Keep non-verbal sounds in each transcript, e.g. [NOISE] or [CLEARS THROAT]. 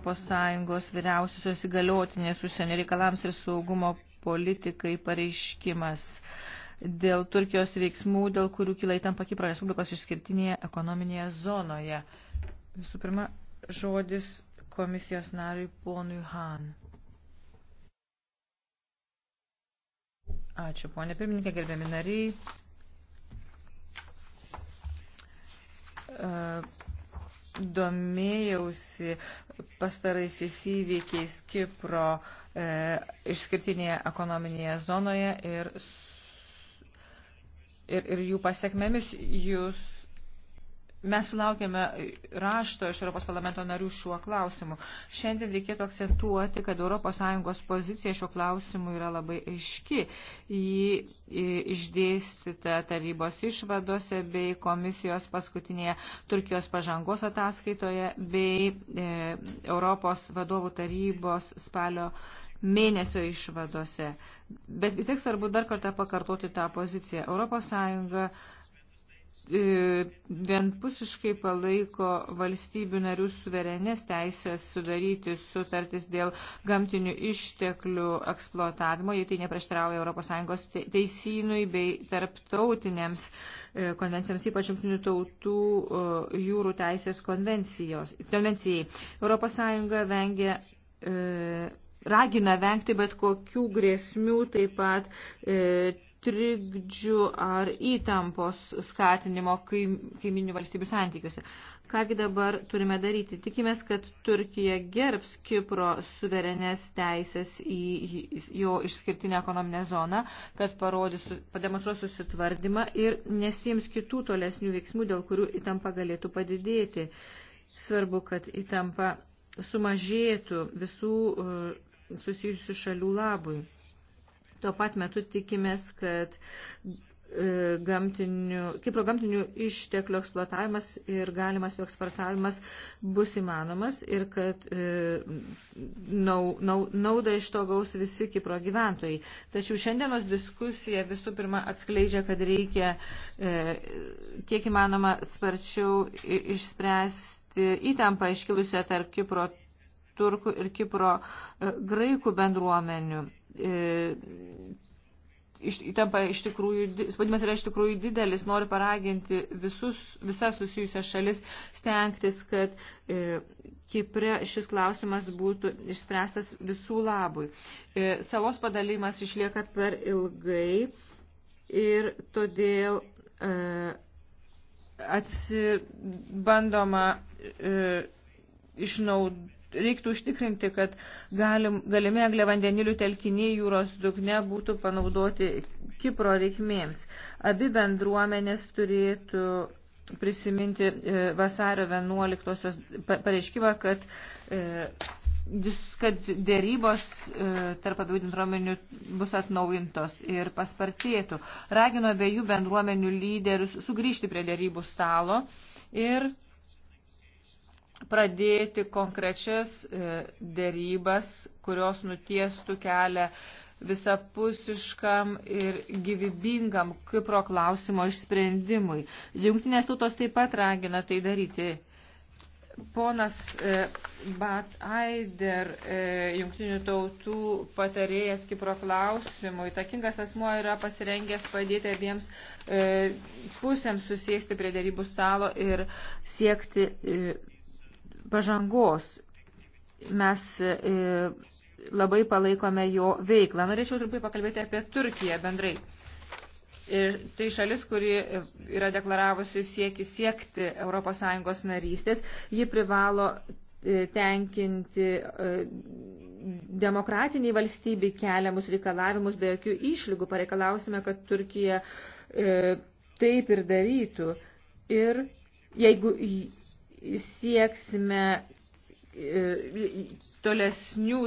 ES vyriausiosios įgaliotinės užsienio reikalams ir saugumo politikai pareiškimas dėl Turkijos veiksmų, dėl kurių kyla įtampa Kipro Respublikos išskirtinėje ekonominėje zonoje. Visų pirma, žodis komisijos nariui ponui Han. Ačiū, ponė pirmininkė, gerbiami nariai domėjausi pastaraisiais įvykiais Kipro e, išskirtinėje ekonominėje zonoje ir, ir, ir jų pasiekmėmis. Jūs Mes sulaukėme rašto iš Europos parlamento narių šiuo klausimu. Šiandien reikėtų akcentuoti, kad ES pozicija šiuo klausimu yra labai aiški. Ji išdėstyta tarybos išvadose bei komisijos paskutinėje Turkijos pažangos ataskaitoje bei e, Europos vadovų tarybos spalio mėnesio išvadose. Bet vis tiek svarbu dar kartą pakartoti tą poziciją. ES E, vienpusiškai palaiko valstybių narių suverenės teisės sudaryti sutartis dėl gamtinių išteklių eksploatavimo, jei tai neprieštrauja ES teisynui bei tarptautiniams e, konvencijams, ypač jungtinių tautų e, jūrų teisės konvencijai. ES vengia ragina vengti bet kokių grėsmių, taip pat e, trikdžių ar įtampos skatinimo kaiminių valstybių santykiuose. Kągi dabar turime daryti? Tikimės, kad Turkija gerbs Kipro suverenės teisės į jo išskirtinę ekonominę zoną, kad parodys, pademonstruos susitvardymą ir nesims kitų tolesnių veiksmų, dėl kurių įtampa galėtų padidėti. Svarbu, kad įtampa sumažėtų visų e, susijusių šalių labui. Tuo pat metu tikimės, kad e, gamtinių, Kipro gamtinių išteklių eksploatavimas ir galimas jų eksportavimas bus įmanomas ir kad e, nau, nau, naudą iš to gaus visi Kipro gyventojai. Tačiau šiandienos diskusija visų pirma atskleidžia, kad reikia e, kiek įmanoma sparčiau išspręsti įtampą iškilusią tarp Kipro turkų ir Kipro e, graikų bendruomenių. E, iš, įtampa iš tikrųjų, spaudimas yra iš tikrųjų didelis, noriu paraginti visus, visas susijusias šalis stengtis, kad e, Kipre šis klausimas būtų išspręstas visų labui. E, salos padalymas išlieka per ilgai ir todėl e, atsibandoma e, išnaudoti reiktų užtikrinti, kad galim, galimi angliavandenilių telkiniai jūros dugne būtų panaudoti Kipro reikmėms. Abi bendruomenės turėtų prisiminti e, vasario 11-osios pareiškimą, kad, e, kad dėrybos e, tarp abiejų bendruomenių bus atnaujintos ir paspartėtų. Ragino abiejų bendruomenių lyderius sugrįžti prie dėrybų stalo ir pradėti konkrečias e, dėrybas, kurios nutiestų kelią visapusiškam ir gyvybingam Kipro klausimo išsprendimui. Jungtinės tautos taip pat ragina tai daryti. Ponas e, Bat Aider, e, jungtinių tautų patarėjas Kipro klausimų, įtakingas asmuo yra pasirengęs padėti abiems pusėms susėsti prie darybų stalo ir siekti pažangos. Mes e, labai palaikome jo veiklą. Norėčiau trumpai pakalbėti apie Turkiją bendrai. Ir e, tai šalis, kuri yra deklaravusi sieki siekti ES narystės, ji privalo e, tenkinti demokratiniai valstybei keliamus reikalavimus be jokių išlygų. Pareikalausime, kad Turkija taip ir darytų. Ir jeigu sieksime e, tolesnių,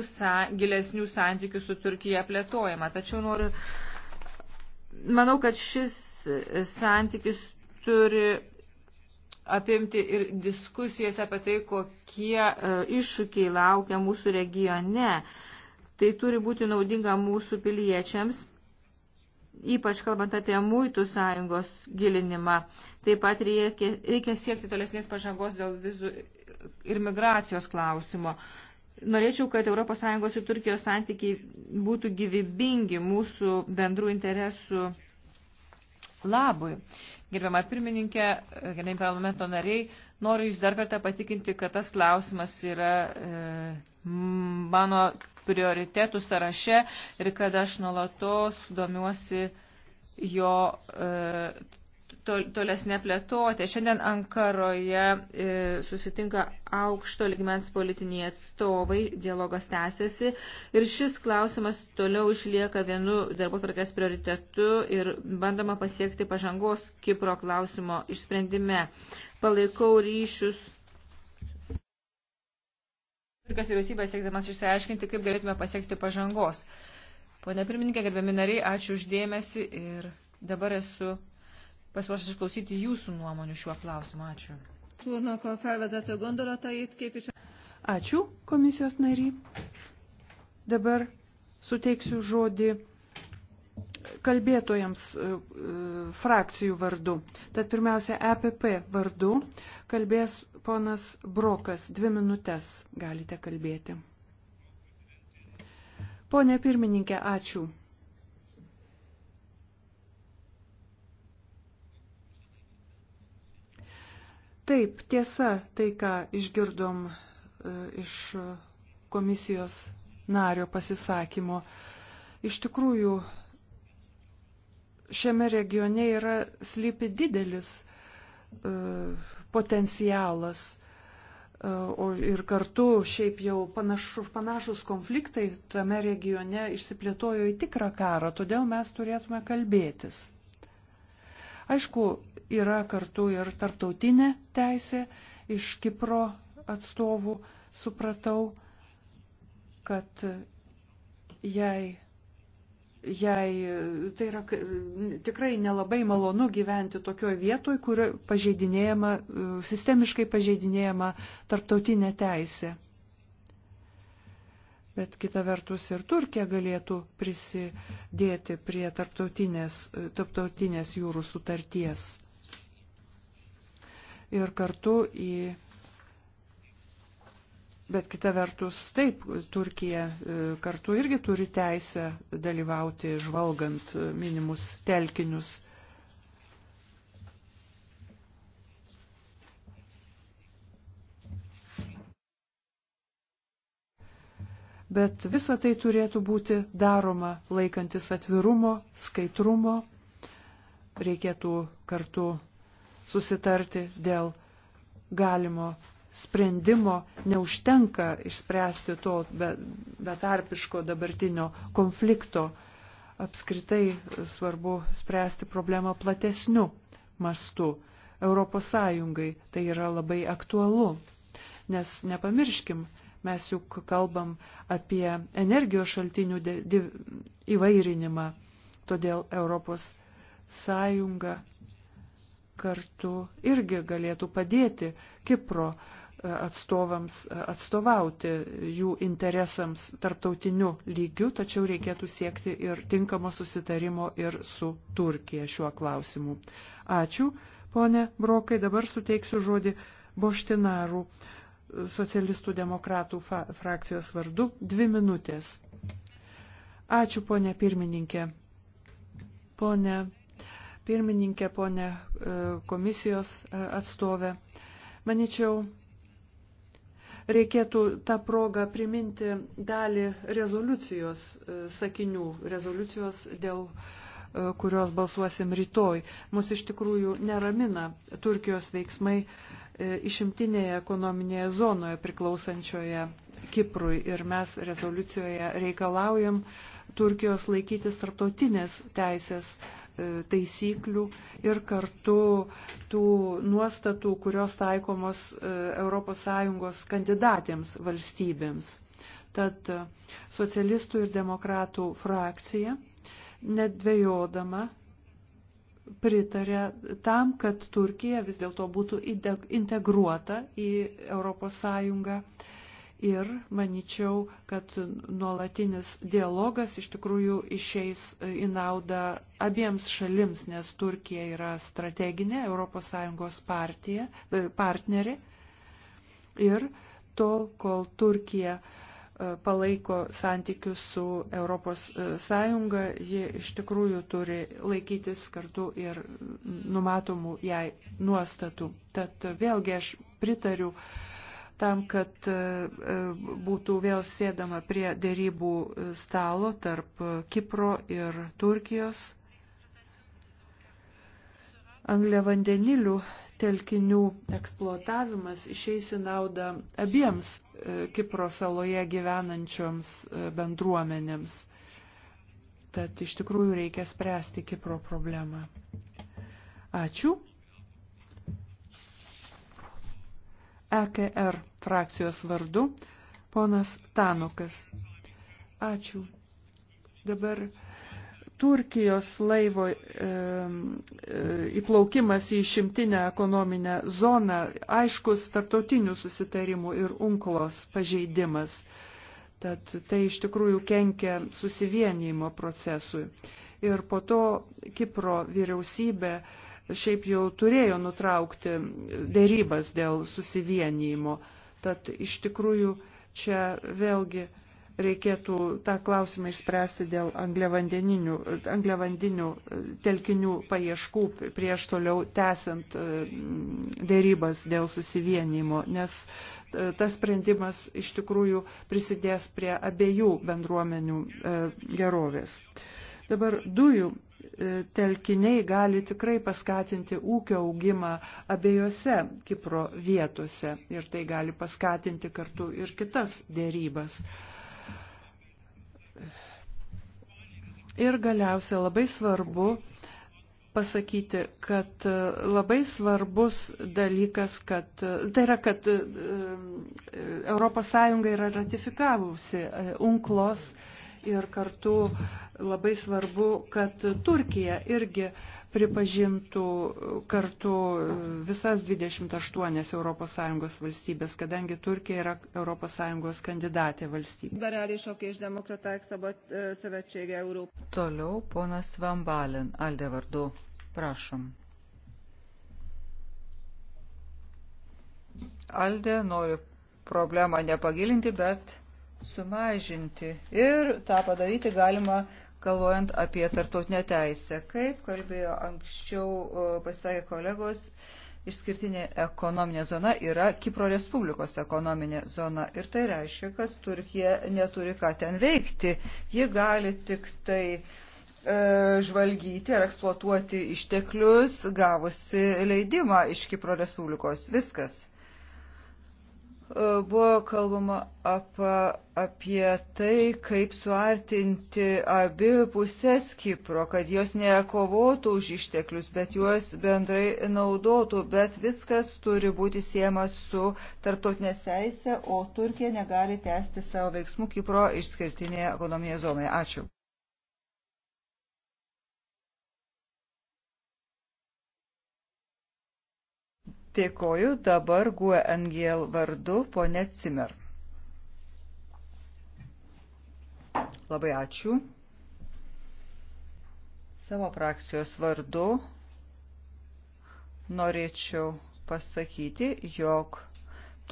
gilesnių santykių su Turkija plėtojama. Tačiau noriu, manau, kad šis santykis turi apimti ir diskusijas apie tai, kokie e, iššūkiai laukia mūsų regione. Tai turi būti naudinga mūsų piliečiams ypač kalbant apie muitų sąjungos gilinimą. Taip pat reikia, reikia siekti tolesnės pažangos dėl vizų ir migracijos klausimo. Norėčiau, kad ES ir Turkijos santykiai būtų gyvybingi mūsų bendrų interesų labui. Gerbiama pirmininkė, gerbiami parlamento nariai, noriu jūs dar kartą patikinti, kad tas klausimas yra e, mano prioritetų sąraše ir kad aš nuolatos domiuosi jo e, tolesnė plėtotė. Šiandien Ankaroje e, susitinka aukšto ligmens politiniai atstovai, dialogas tęsiasi ir šis klausimas toliau išlieka vienu darbo tvarkės prioritetu ir bandoma pasiekti pažangos Kipro klausimo išsprendime. Palaikau ryšius Turkijos vyriausybė siekdamas išsiaiškinti, kaip galėtume pasiekti pažangos. Pone pirmininkė, gerbiami nariai, ačiū uždėmesi ir dabar esu pasiruošęs išklausyti jūsų nuomonių šiuo klausimu. Ačiū. Ačiū komisijos nariai. Dabar suteiksiu žodį kalbėtojams e, e, frakcijų vardu. Tad pirmiausia, EPP vardu kalbės ponas Brokas. Dvi minutės galite kalbėti. Pone pirmininkė, ačiū. Taip, tiesa, tai ką išgirdom e, iš komisijos nario pasisakymo. Iš tikrųjų, šiame regione yra slypi didelis e, potencialas. E, o ir kartu šiaip jau panašus, panašus konfliktai tame regione išsiplėtojo į tikrą karą, todėl mes turėtume kalbėtis. Aišku, yra kartu ir tarptautinė teisė, iš Kipro atstovų supratau, kad jei jai tai yra tikrai nelabai malonu gyventi tokioje vietoje, kur pažeidinėjama, sistemiškai pažeidinėjama tarptautinė teisė. Bet kita vertus ir Turkija galėtų prisidėti prie tarptautinės, tarptautinės jūrų sutarties. Ir kartu į Bet kita vertus, taip, Turkija e, kartu irgi turi teisę dalyvauti žvalgant e, minimus telkinius. Bet visa tai turėtų būti daroma laikantis atvirumo, skaidrumo. Reikėtų kartu susitarti dėl galimo sprendimo neužtenka išspręsti to betarpiško dabartinio konflikto. Apskritai svarbu spręsti problemą platesniu mastu. Europos Sąjungai tai yra labai aktualu, nes nepamirškim, mes juk kalbam apie energijos šaltinių įvairinimą, todėl Europos Sąjunga kartu irgi galėtų padėti Kipro uh, atstovams e, atstovauti jų interesams tarptautiniu lygiu, tačiau reikėtų siekti ir tinkamo susitarimo ir su Turkija šiuo klausimu. Ačiū, ponė Brokai, dabar suteiksiu žodį Boštinarų socialistų demokratų frakcijos vardu. Dvi minutės. Ačiū, ponė pirmininkė. Ponė pirmininkė, ponė e, komisijos e, atstovė. Maničiau, reikėtų tą progą priminti dalį rezoliucijos e, sakinių, rezoliucijos dėl e, kurios balsuosim rytoj. Mūsų iš tikrųjų neramina Turkijos veiksmai e, išimtinėje ekonominėje zonoje priklausančioje Kiprui ir mes rezoliucijoje reikalaujam Turkijos laikytis tarptautinės teisės E, taisyklių ir kartu tų nuostatų, kurios taikomos ES kandidatėms valstybėms. Tad e, socialistų ir demokratų frakcija, nedvėjodama, pritarė tam, kad Turkija vis dėlto būtų integruota į ES ir manyčiau, kad nuolatinis dialogas iš tikrųjų išeis e, į naudą abiems šalims, nes Turkija yra strateginė ES partija, e, partnerė ir tol, kol Turkija e, palaiko santykius su ES, ji iš tikrųjų turi laikytis kartu ir numatomų jai nuostatų. Tad vėlgi aš pritariu uh, tam, kad e, e, būtų vėl sėdama prie dėrybų stalo tarp Kipro ir Turkijos. Anglė vandenilių telkinių eksploatavimas išeis į naudą abiems e, Kipro saloje gyvenančioms bendruomenėms. Tad iš tikrųjų reikia spręsti Kipro problemą. Ačiū. EKR frakcijos vardu ponas Tanukas. Ačiū. Dabar Turkijos laivo e, e, įplaukimas į šimtinę ekonominę zoną aiškus tarptautinių susitarimų ir unklos pažeidimas. Tad tai iš tikrųjų kenkia susivienijimo procesui. Ir po to Kipro vyriausybė e, šiaip jau turėjo nutraukti dėrybas dėl susivienijimo. Tad iš tikrųjų čia vėlgi reikėtų tą klausimą išspręsti dėl angliavandinių e, telkinių paieškų prieš toliau tęsiant e, dėrybas dėl susivienimo, nes e, tas sprendimas iš tikrųjų prisidės prie abiejų bendruomenių gerovės. Dabar dujų e, telkiniai gali tikrai paskatinti ūkio augimą abiejose Kipro vietose ir tai gali paskatinti kartu ir kitas dėrybas. Ir galiausia labai svarbu pasakyti, kad e, labai svarbus dalykas, kad e, tai yra, kad ES yra ratifikavusi UNCLOS ir kartu labai svarbu, kad Turkija irgi pripažintų kartu visas 28 ES valstybės, kadangi Turkija yra ES kandidatė valstybė. Toliau ponas Vambalin, Alde vardu, prašom. Alde nori problemą nepagilinti, bet sumažinti. Ir tą padaryti galima galvojant apie tartautinę teisę. Kaip kalbėjo anksčiau pasakė kolegos, išskirtinė ekonominė zona yra Kipro Respublikos ekonominė zona. Ir tai reiškia, kad Turkija neturi ką ten veikti. Ji gali tik tai e, žvalgyti ar eksploatuoti išteklius, gavusi leidimą iš Kipro Respublikos. Viskas. E, buvo kalbama apa, apie tai, kaip suartinti abi pusės Kipro, kad jos nekovotų už išteklius, bet juos bendrai naudotų, bet viskas turi būti siejama su tarptautinė teisė, o Turkija negali tęsti savo veiksmų Kipro išskirtinėje ekonominėje zonoje. Ačiū. Dėkoju dabar GUE NGL vardu ponė Cimer. Labai ačiū. Savo frakcijos vardu norėčiau pasakyti, jog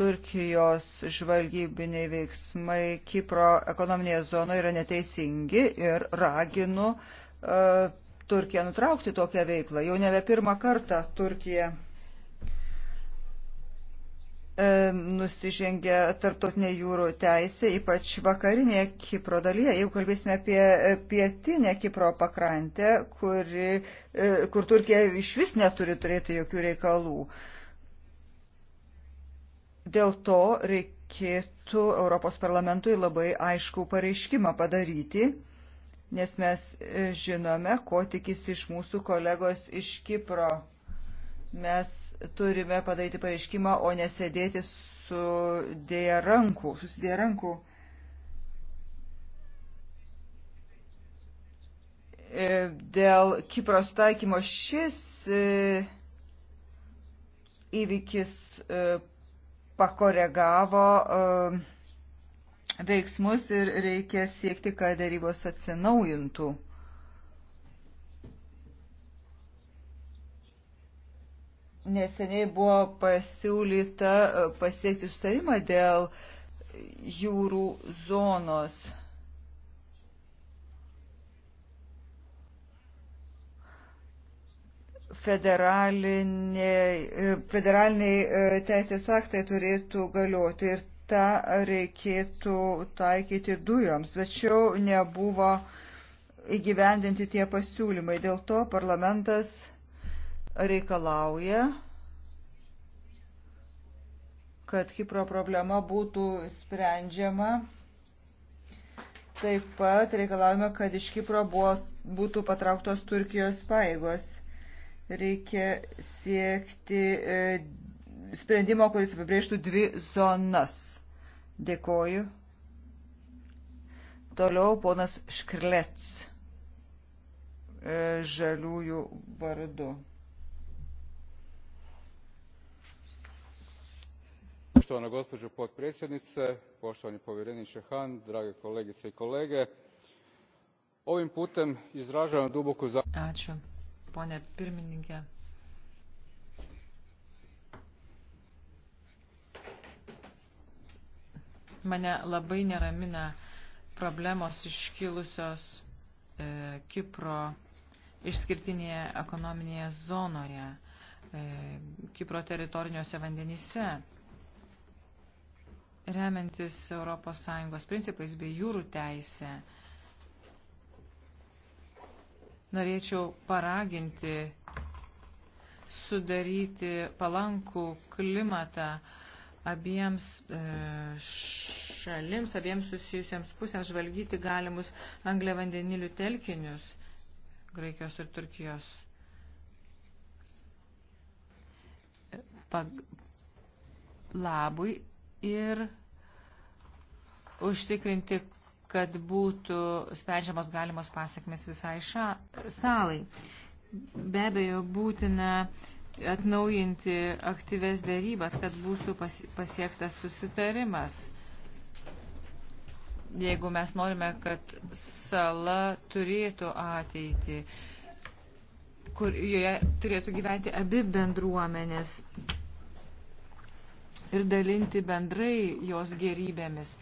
Turkijos žvalgybiniai veiksmai Kipro ekonominėje zonoje yra neteisingi ir raginu uh, Turkiją nutraukti tokią veiklą. Jau nebe pirmą kartą Turkija E, nusižengia tarptautinė jūrų teisė, ypač vakarinėje Kipro dalyje. Jeigu kalbėsime apie pietinę Kipro pakrantę, kuri, e, kur Turkija iš vis neturi turėti jokių reikalų. Dėl to reikėtų Europos parlamentui labai aiškų pareiškimą padaryti, nes mes e, žinome, ko tikisi iš mūsų kolegos iš Kipro. Mes turime padaryti pareiškimą, o nesėdėti sudėję rankų, susidėję rankų. E, dėl Kipros taikymo šis e, įvykis e, pakoregavo veiksmus ir reikia siekti, kad darybos atsinaujintų. neseniai buvo pasiūlyta e, pasiekti sustarimą dėl jūrų zonos. Federaliniai, e, federaliniai e, teisės aktai turėtų galioti ir tą reikėtų taikyti dujoms, tačiau nebuvo įgyvendinti tie pasiūlymai. Dėl to parlamentas reikalauja, kad Kipro problema būtų sprendžiama. Taip pat reikalavome, kad iš Kipro buvo, būtų patrauktos Turkijos paėgos. Reikia siekti e, sprendimo, kuris apibrėžtų dvi zonas. Dėkoju. Toliau ponas Škrlets e, žaliųjų vardu. poštovana gospođo potpredsjednice poštovani povjereniče hahn drage kolegice i kolege ovim putem izražavam duboku ačiū pone pirmininke mane labai neramina problemos iškilusios e, Kipro išskirtinėje ekonominėje zonoje, e, Kipro teritoriniuose vandenyse remiantis ES principais bei jūrų teisė, norėčiau paraginti sudaryti palankų klimatą abiems e, šalims, abiems susijusiems pusėms žvalgyti galimus angliavandenilių telkinius Graikijos ir Turkijos pag... labui ir užtikrinti, kad būtų sprendžiamos galimos pasiekmes visai ša, salai. Be abejo, būtina atnaujinti aktyves dėrybas, kad būtų pas, pasiektas susitarimas. Jeigu mes norime, kad sala turėtų ateitį, kur joje turėtų gyventi abi bendruomenės ir dalinti bendrai jos gerybėmis.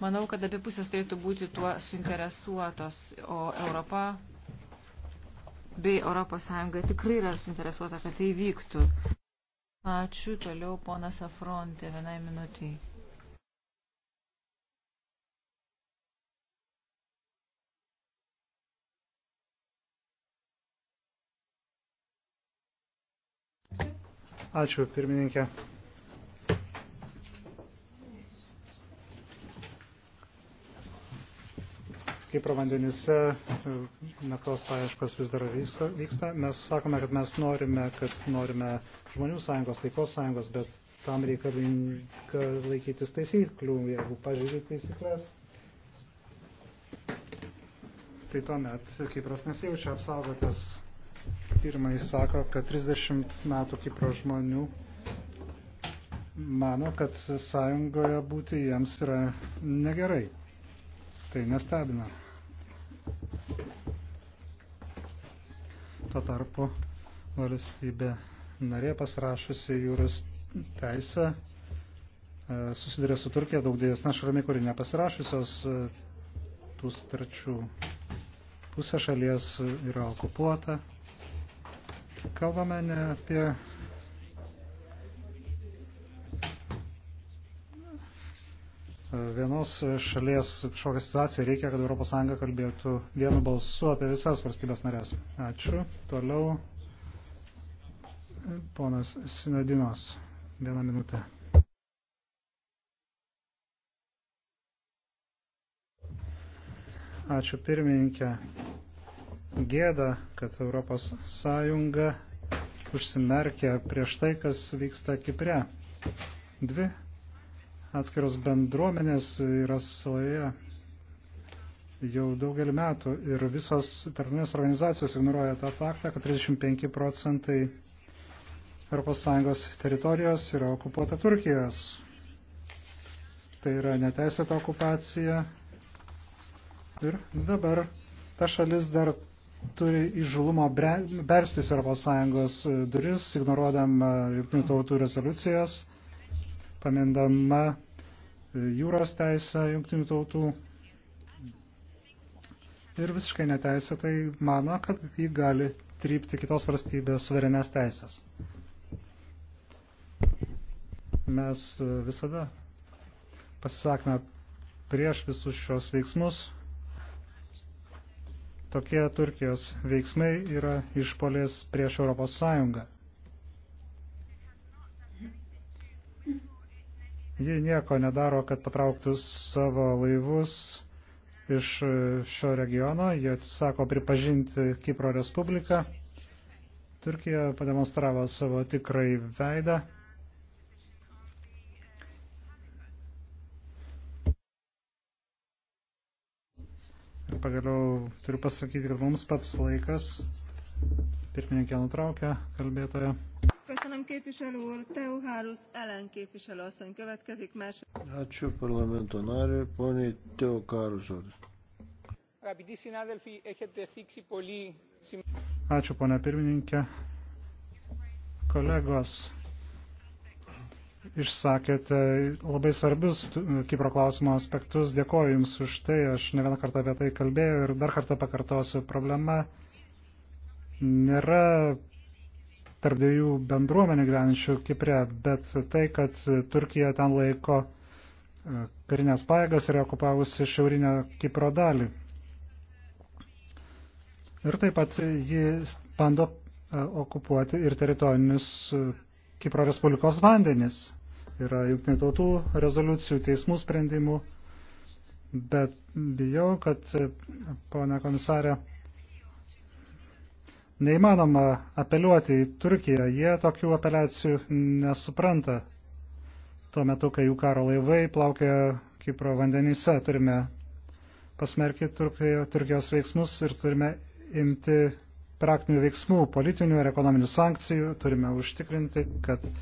Manau, kad abi pusės turėtų būti tuo suinteresuotos, o Europa bei Europos Sąjunga tikrai yra suinteresuota, kad tai vyktų. Ačiū, toliau ponas Afrontė, vienai minutiai. Ačiū, pirmininkė. Kipro vandenise e, naftos paieškos vis dar vyksta. Mes sakome, kad mes norime, kad norime žmonių sąjungos, taikos sąjungos, bet tam reikalinga laikytis taisyklių. Jeigu pažiūrė taisyklės, tai tuomet Kipras nesijaučia apsaugotas. Tyrimai sako, kad 30 metų Kipro žmonių mano, kad sąjungoje būti jiems yra negerai. Tai nestebina. Tuo tarpu valstybė narė pasirašusi jūros teisę e, susidurė su Turkija daug didesnė šalimi, kuri nepasirašusios e, tų sutarčių. Pusė šalies yra okupuota. Kalbame ne apie vienos šalies kažkokią situaciją, reikia, kad ES kalbėtų vienu balsu apie visas valstybės narės. Ačiū. Toliau ponas Sinadinos. Vieną minutę. Ačiū pirmininkė. Gėda, kad Europos Sąjunga užsimerkė prieš tai, kas vyksta Kipre. Dvi atskiros bendruomenės yra saloje jau daugelį metų ir visos tarptautinės organizacijos ignoruoja tą faktą, kad 35 procentai ES teritorijos yra okupuota Turkijos. Tai yra neteisėta okupacija. Ir dabar ta šalis dar turi įžulumo berstis ES duris, ignoruodam jungtinių tautų rezoliucijas pamendama e, jūros teisę jungtinių tautų ir visiškai neteisėtai mano, kad jį gali trypti kitos valstybės suverenės teisės. Mes e, visada pasisakome prieš visus šios veiksmus. Tokie Turkijos veiksmai yra išpolės prieš Europos Sąjungą. Ji nieko nedaro, kad patrauktų savo laivus iš šio regiono. Jie atsisako pripažinti Kipro Respubliką. Turkija pademonstravo savo tikrai veidą. Ir pagaliau turiu pasakyti, kad mums pats laikas. Pirmininkė nutraukė kalbėtoją. Hán képviselő úr, Teuhárusz Ellen képviselő asszony következik más. Ačiū parlamento nariui, poniai Teuhárusz žodis. Ačiū, ponia pirmininkė. Kolegos, išsakėte labai svarbius Kipro klausimo aspektus. Dėkoju Jums už tai. Aš ne vieną kartą apie tai kalbėjau ir dar kartą pakartosiu. Problema nėra tarp dviejų bendruomenių gyvenančių Kipre, bet tai, kad Turkija ten laiko e, karinės pajėgas ir okupavusi šiaurinę Kipro dalį. Ir taip pat ji bando e, okupuoti ir teritorinius e, Kipro Respublikos vandenis. Yra jungtinių tautų rezoliucijų, teismų sprendimų, bet bijau, kad, ponia komisarė, Neįmanoma apeliuoti į Turkiją, jie tokių apeliacijų nesupranta. Tuo metu, kai jų karo laivai plaukia Kipro vandenyse, turime pasmerkti Turkijos veiksmus ir turime imti praktinių veiksmų, politinių ir ekonominių sankcijų, turime užtikrinti, kad e,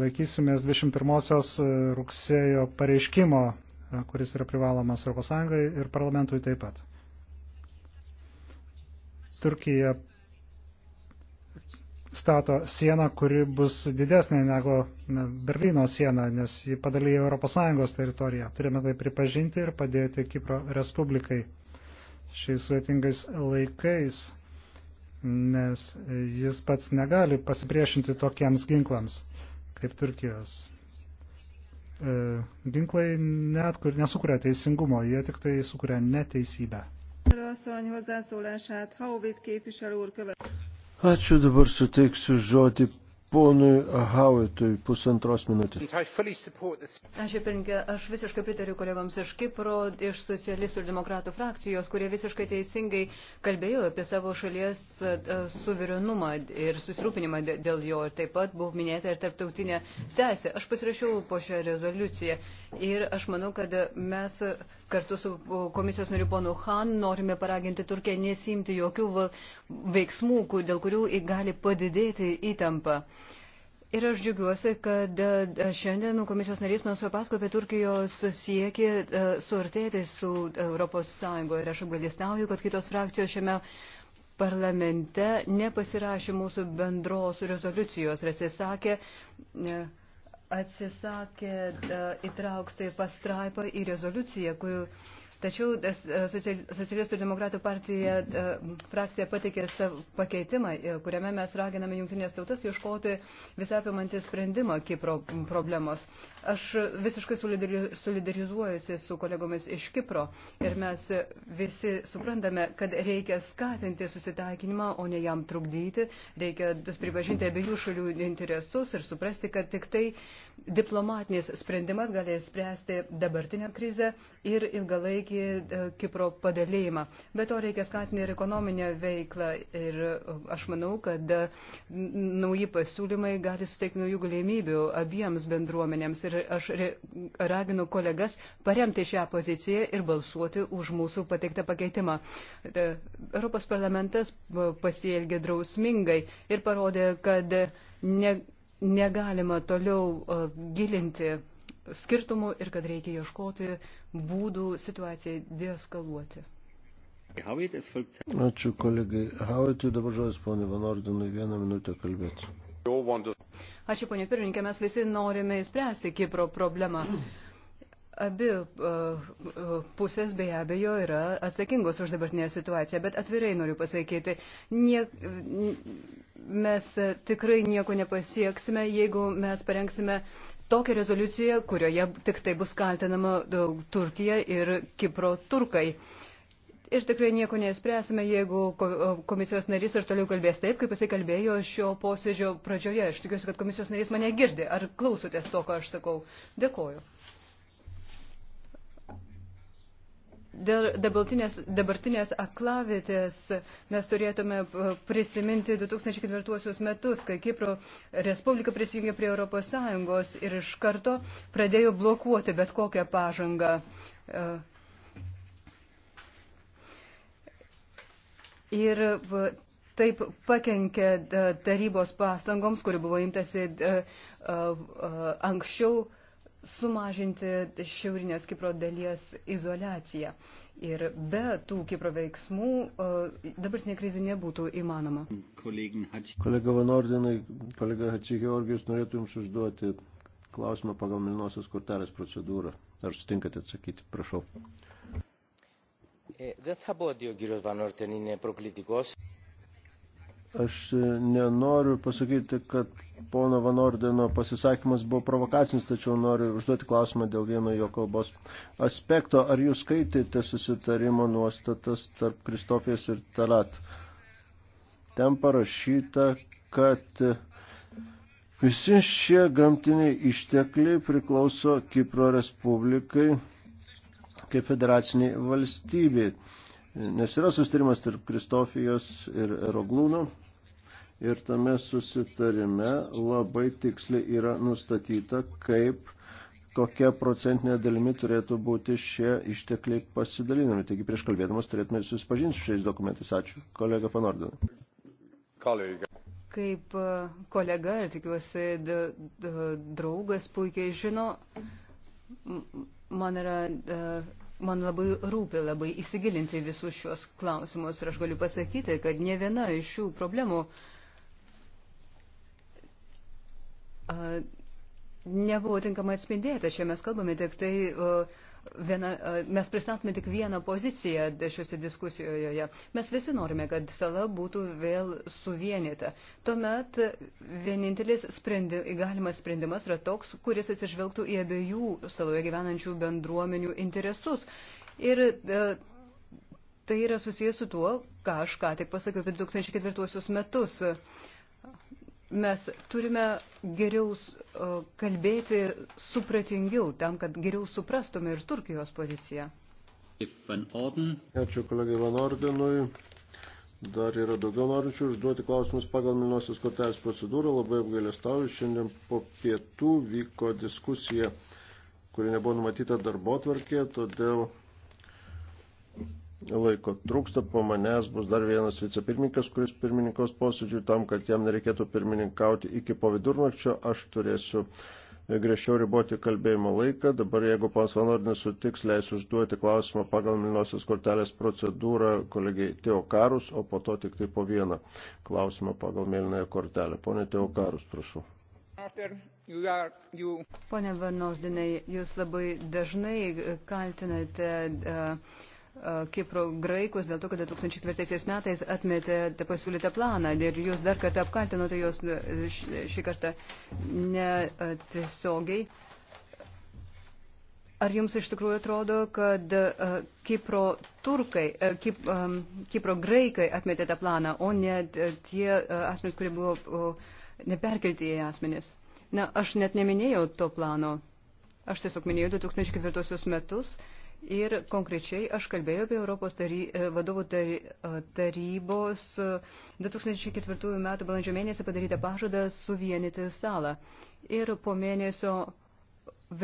laikysimės 21 e, rugsėjo pareiškimo, e, kuris yra privalomas ES ir parlamentui taip pat. Turkija stato sieną, kuri bus didesnė negu Berlyno siena, nes ji padalyja ES teritoriją. Turime tai pripažinti ir padėti Kipro Respublikai šiais sudėtingais laikais, nes jis pats negali pasipriešinti tokiems ginklams kaip Turkijos. E, ginklai net, nesukuria teisingumo, jie tik tai sukuria neteisybę. Ačiū dabar suteiksiu žodį ponui Hauitui pusantros minutės. Aš, pirmininkė, aš visiškai pritariu kolegoms iš Kipro, iš socialistų ir demokratų frakcijos, kurie visiškai teisingai kalbėjo apie savo šalies e, suverenumą ir susirūpinimą dėl jo. Ir taip pat buvo minėta ir tarptautinė teisė. Aš pasirašiau po šią rezoliuciją. Ir aš manau, kad mes kartu su komisijos nariu ponu Han norime paraginti Turkiją nesimti jokių veiksmų, dėl kurių gali padidėti įtampa. Ir aš džiugiuosi, kad e, šiandien komisijos narys man papasako apie Turkijos siekį e, suartėti su Europos Sąjungoje. Ir aš apgalėstauju, kad kitos frakcijos šiame parlamente nepasirašė mūsų bendros rezoliucijos ir atsisakė. Ne, atsisakė e, įtraukti pastraipą į rezoliuciją, kuriuo Tačiau e, Socialistų ir demokratų partija, e, frakcija pateikė pakeitimą, e, kuriame mes raginame jungtinės tautas ieškoti visapimantį sprendimą Kipro problemos. Aš visiškai solidarizuojusi su kolegomis iš Kipro ir mes visi suprantame, kad reikia skatinti susitaikinimą, o ne jam trukdyti. Reikia pripažinti abiejų šalių interesus ir suprasti, kad tik tai diplomatinis sprendimas galės spręsti dabartinę krizę ir ilgalaikį e, Kipro padalėjimą. Bet to reikia skatinti ir ekonominę veiklą ir e, aš manau, kad e, nauji pasiūlymai gali suteikti naujų galimybių abiems bendruomenėms ir aš raginu kolegas paremti šią poziciją ir balsuoti už mūsų pateiktą pakeitimą. Europos parlamentas pasielgė drausmingai ir parodė, kad ne, negalima toliau e, gilinti skirtumų ir kad reikia ieškoti būdų situaciją deeskaluoti. Ačiū kolegai Havitui, dabar žodis ponė Vanordinui vieną minutę kalbėti. Ačiū ponė pirmininkė, mes visi norime įspręsti Kipro problemą. Abi uh, uh, pusės be abejo yra atsakingos už dabartinę situaciją, bet atvirai noriu pasakyti, niek, mes tikrai nieko nepasieksime, jeigu mes parengsime tokią rezoliuciją, kurioje tik tai bus kaltinama uh, Turkija ir Kipro turkai. Ir tikrai nieko neįspręsime, jeigu komisijos narys ir toliau kalbės taip, kaip jisai kalbėjo šio posėdžio pradžioje. Aš tikiuosi, kad komisijos narys mane girdi. Ar klausotės to, ką aš sakau? Dėkoju. Dėl dabartinės, dabartinės aklavitės mes turėtume e, prisiminti 2004 metus, kai Kipro Respublika prisijungė prie Europos Sąjungos ir iš karto pradėjo blokuoti bet kokią pažangą. E, ir taip pakenkė e, tarybos pastangoms, kuri buvo imtasi anksčiau sumažinti šiaurinės Kipro dalies izolaciją. Ir be tų Kipro veiksmų e, dabartinė krizė nebūtų įmanoma. Kolega Vanordinai, kolega Hači Georgijus, norėtų Jums užduoti klausimą pagal Milnosios kortelės procedūrą. Ar sutinkate atsakyti? Prašau. Δεν θα πω ότι ο κύριος Βανόρτεν είναι προκλητικός. Aš e, nenoriu pasakyti, kad pono Van Ordeno pasisakymas buvo provokacinis, tačiau noriu užduoti klausimą dėl vieno jo kalbos aspekto. Ar jūs skaitėte susitarimo nuostatas tarp Kristofijos ir Talat? Ten parašyta, kad visi šie gamtiniai ištekliai priklauso Kipro Respublikai kaip federaciniai valstybei. Nes yra sustarimas tarp Kristofijos ir Eroglūno, ir tame susitarime labai tiksliai yra nustatyta, kaip kokia procentinė dalimi turėtų būti šie ištekliai pasidalinami. Taigi prieš kalbėdamas turėtume susipažinti su šiais dokumentais. Ačiū, kolega Panordinai. Kolega. Kaip e, kolega ir tikiuosi draugas puikiai žino, man yra e, man labai rūpi labai įsigilinti visus šios klausimus ir aš galiu pasakyti, kad ne viena iš šių problemų nebuvo tinkamai atspindėta. Čia mes kalbame tik tai. Viena, mes pristatome tik vieną poziciją šiuose diskusijoje. Mes visi norime, kad sala būtų vėl suvienyta. Tuomet vienintelis sprendi, galimas sprendimas yra toks, kuris atsižvelgtų į abiejų saloje gyvenančių bendruomenių interesus. Ir tai yra susijęs su tuo, ką aš ką tik pasakiau apie 2004 metus mes turime geriau e, kalbėti supratingiau, tam, kad geriau suprastume ir Turkijos poziciją. Ačiū kolegai Van Ordenui. Dar yra daugiau norinčių užduoti klausimus pagal Milnosios kortelės procedūrą. Labai apgailestauju. Šiandien po pietų vyko diskusija, kuri nebuvo numatyta darbo tvarkė, todėl laiko trūksta, po manęs bus dar vienas vicepirmininkas, kuris pirmininkos posėdžių tam, kad jam nereikėtų pirmininkauti iki po vidurnakčio, aš turėsiu griežčiau riboti kalbėjimo laiką. Dabar, jeigu pas Vanordinis sutiks, leisiu užduoti klausimą pagal Milnosios kortelės procedūrą kolegiai Teokarus, o po to tik tai po vieną klausimą pagal Milnąją kortelę. Pone Teokarus, prašau. You are, you... Pone Vanordinai, jūs labai dažnai kaltinate uh, E, Kipro graikus dėl to, kad 2004 metais atmetė pasiūlytą planą ir jūs dar kartą apkaltinote juos e, šį kartą netiesiogiai. Ar jums iš tikrųjų atrodo, kad uh, Kipro turkai, uh, Kip, um, Kipro graikai atmetė tą planą, o ne tie uh, asmenys, kurie buvo uh, neperkelti į asmenys? Na, aš net neminėjau to plano. Aš tiesiog minėjau 2004 metus. Uh, Ir konkrečiai aš kalbėjau apie Europos tary, e, vadovų tary, e, tarybos 2004 e, m. balandžio mėnesį padarytą pažadą suvienyti salą. Ir po mėnesio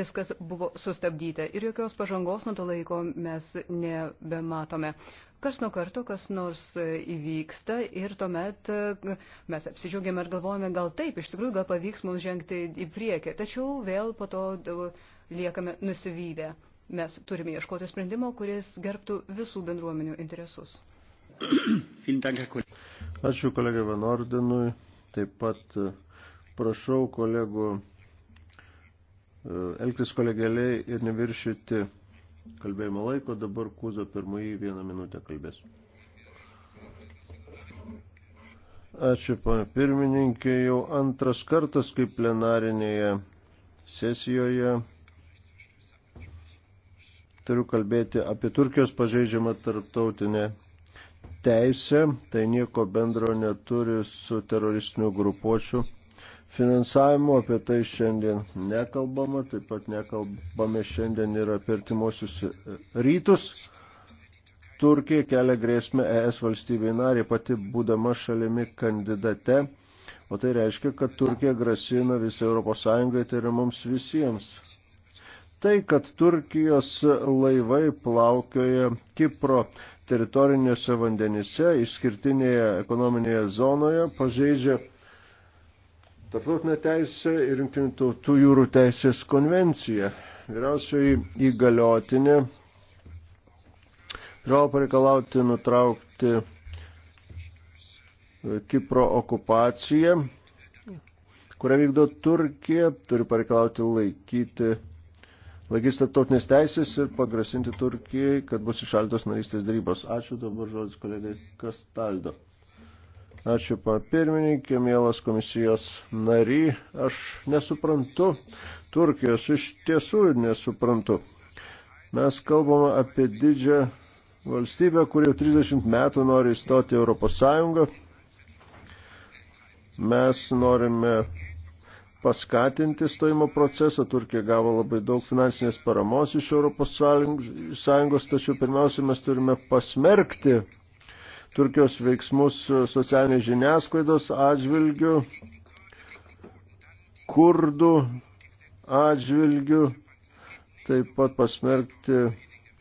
viskas buvo sustabdyta ir jokios pažangos nuo to laiko mes nebematome. Kas nuo karto, kas nors įvyksta ir tuomet mes apsidžiaugiame ir galvojame, gal taip, iš tikrųjų, gal pavyks mums žengti į priekį, tačiau vėl po to liekame nusivylę. Mes turime ieškoti sprendimo, kuris gerbtų visų bendruomenių interesus. [COUGHS] Ačiū kolegai Vanordinui. Taip pat e, prašau kolegų e, elgtis kolegialiai ir neviršyti kalbėjimo laiko. Dabar Kūzo pirmąjį vieną minutę kalbės. Ačiū, pana pirmininkė, jau antras kartas kaip plenarinėje sesijoje turiu kalbėti apie Turkijos pažeidžiamą tarptautinę teisę, tai nieko bendro neturi su teroristinių grupuočių finansavimu, apie tai šiandien nekalbama, taip pat nekalbame šiandien ir apie artimuosius rytus. Turkija kelia grėsmę ES valstybei narė pati būdama šalimi kandidate, o tai reiškia, kad Turkija grasina visai ES, tai yra mums visiems Tai, kad Turkijos laivai plaukioja Kipro teritorinėse vandenyse, išskirtinėje ekonominėje zonoje, pažeidžia tarptautinę teisę ir jungtinių tautų jūrų teisės konvenciją. Vyriausioji įgaliotinė privalo pareikalauti nutraukti Kipro okupaciją, kurią vykdo Turkija, turi pareikalauti laikyti laikys tarptautinės teisės ir pagrasinti Turkijai, kad bus išaltos narystės darybos. Ačiū dabar žodis kolegai Kastaldo. Ačiū papirmininkė, mielas komisijos nary. Aš nesuprantu Turkijos, iš tiesų nesuprantu. Mes kalbame apie didžią valstybę, kuri jau 30 metų nori įstoti Europos Sąjungą. Mes norime paskatinti stojimo procesą. Turkija gavo labai daug finansinės paramos iš ES, tačiau pirmiausia mes turime pasmerkti Turkijos veiksmus socialinės žiniasklaidos atžvilgių, kurdų atžvilgių, taip pat pasmerkti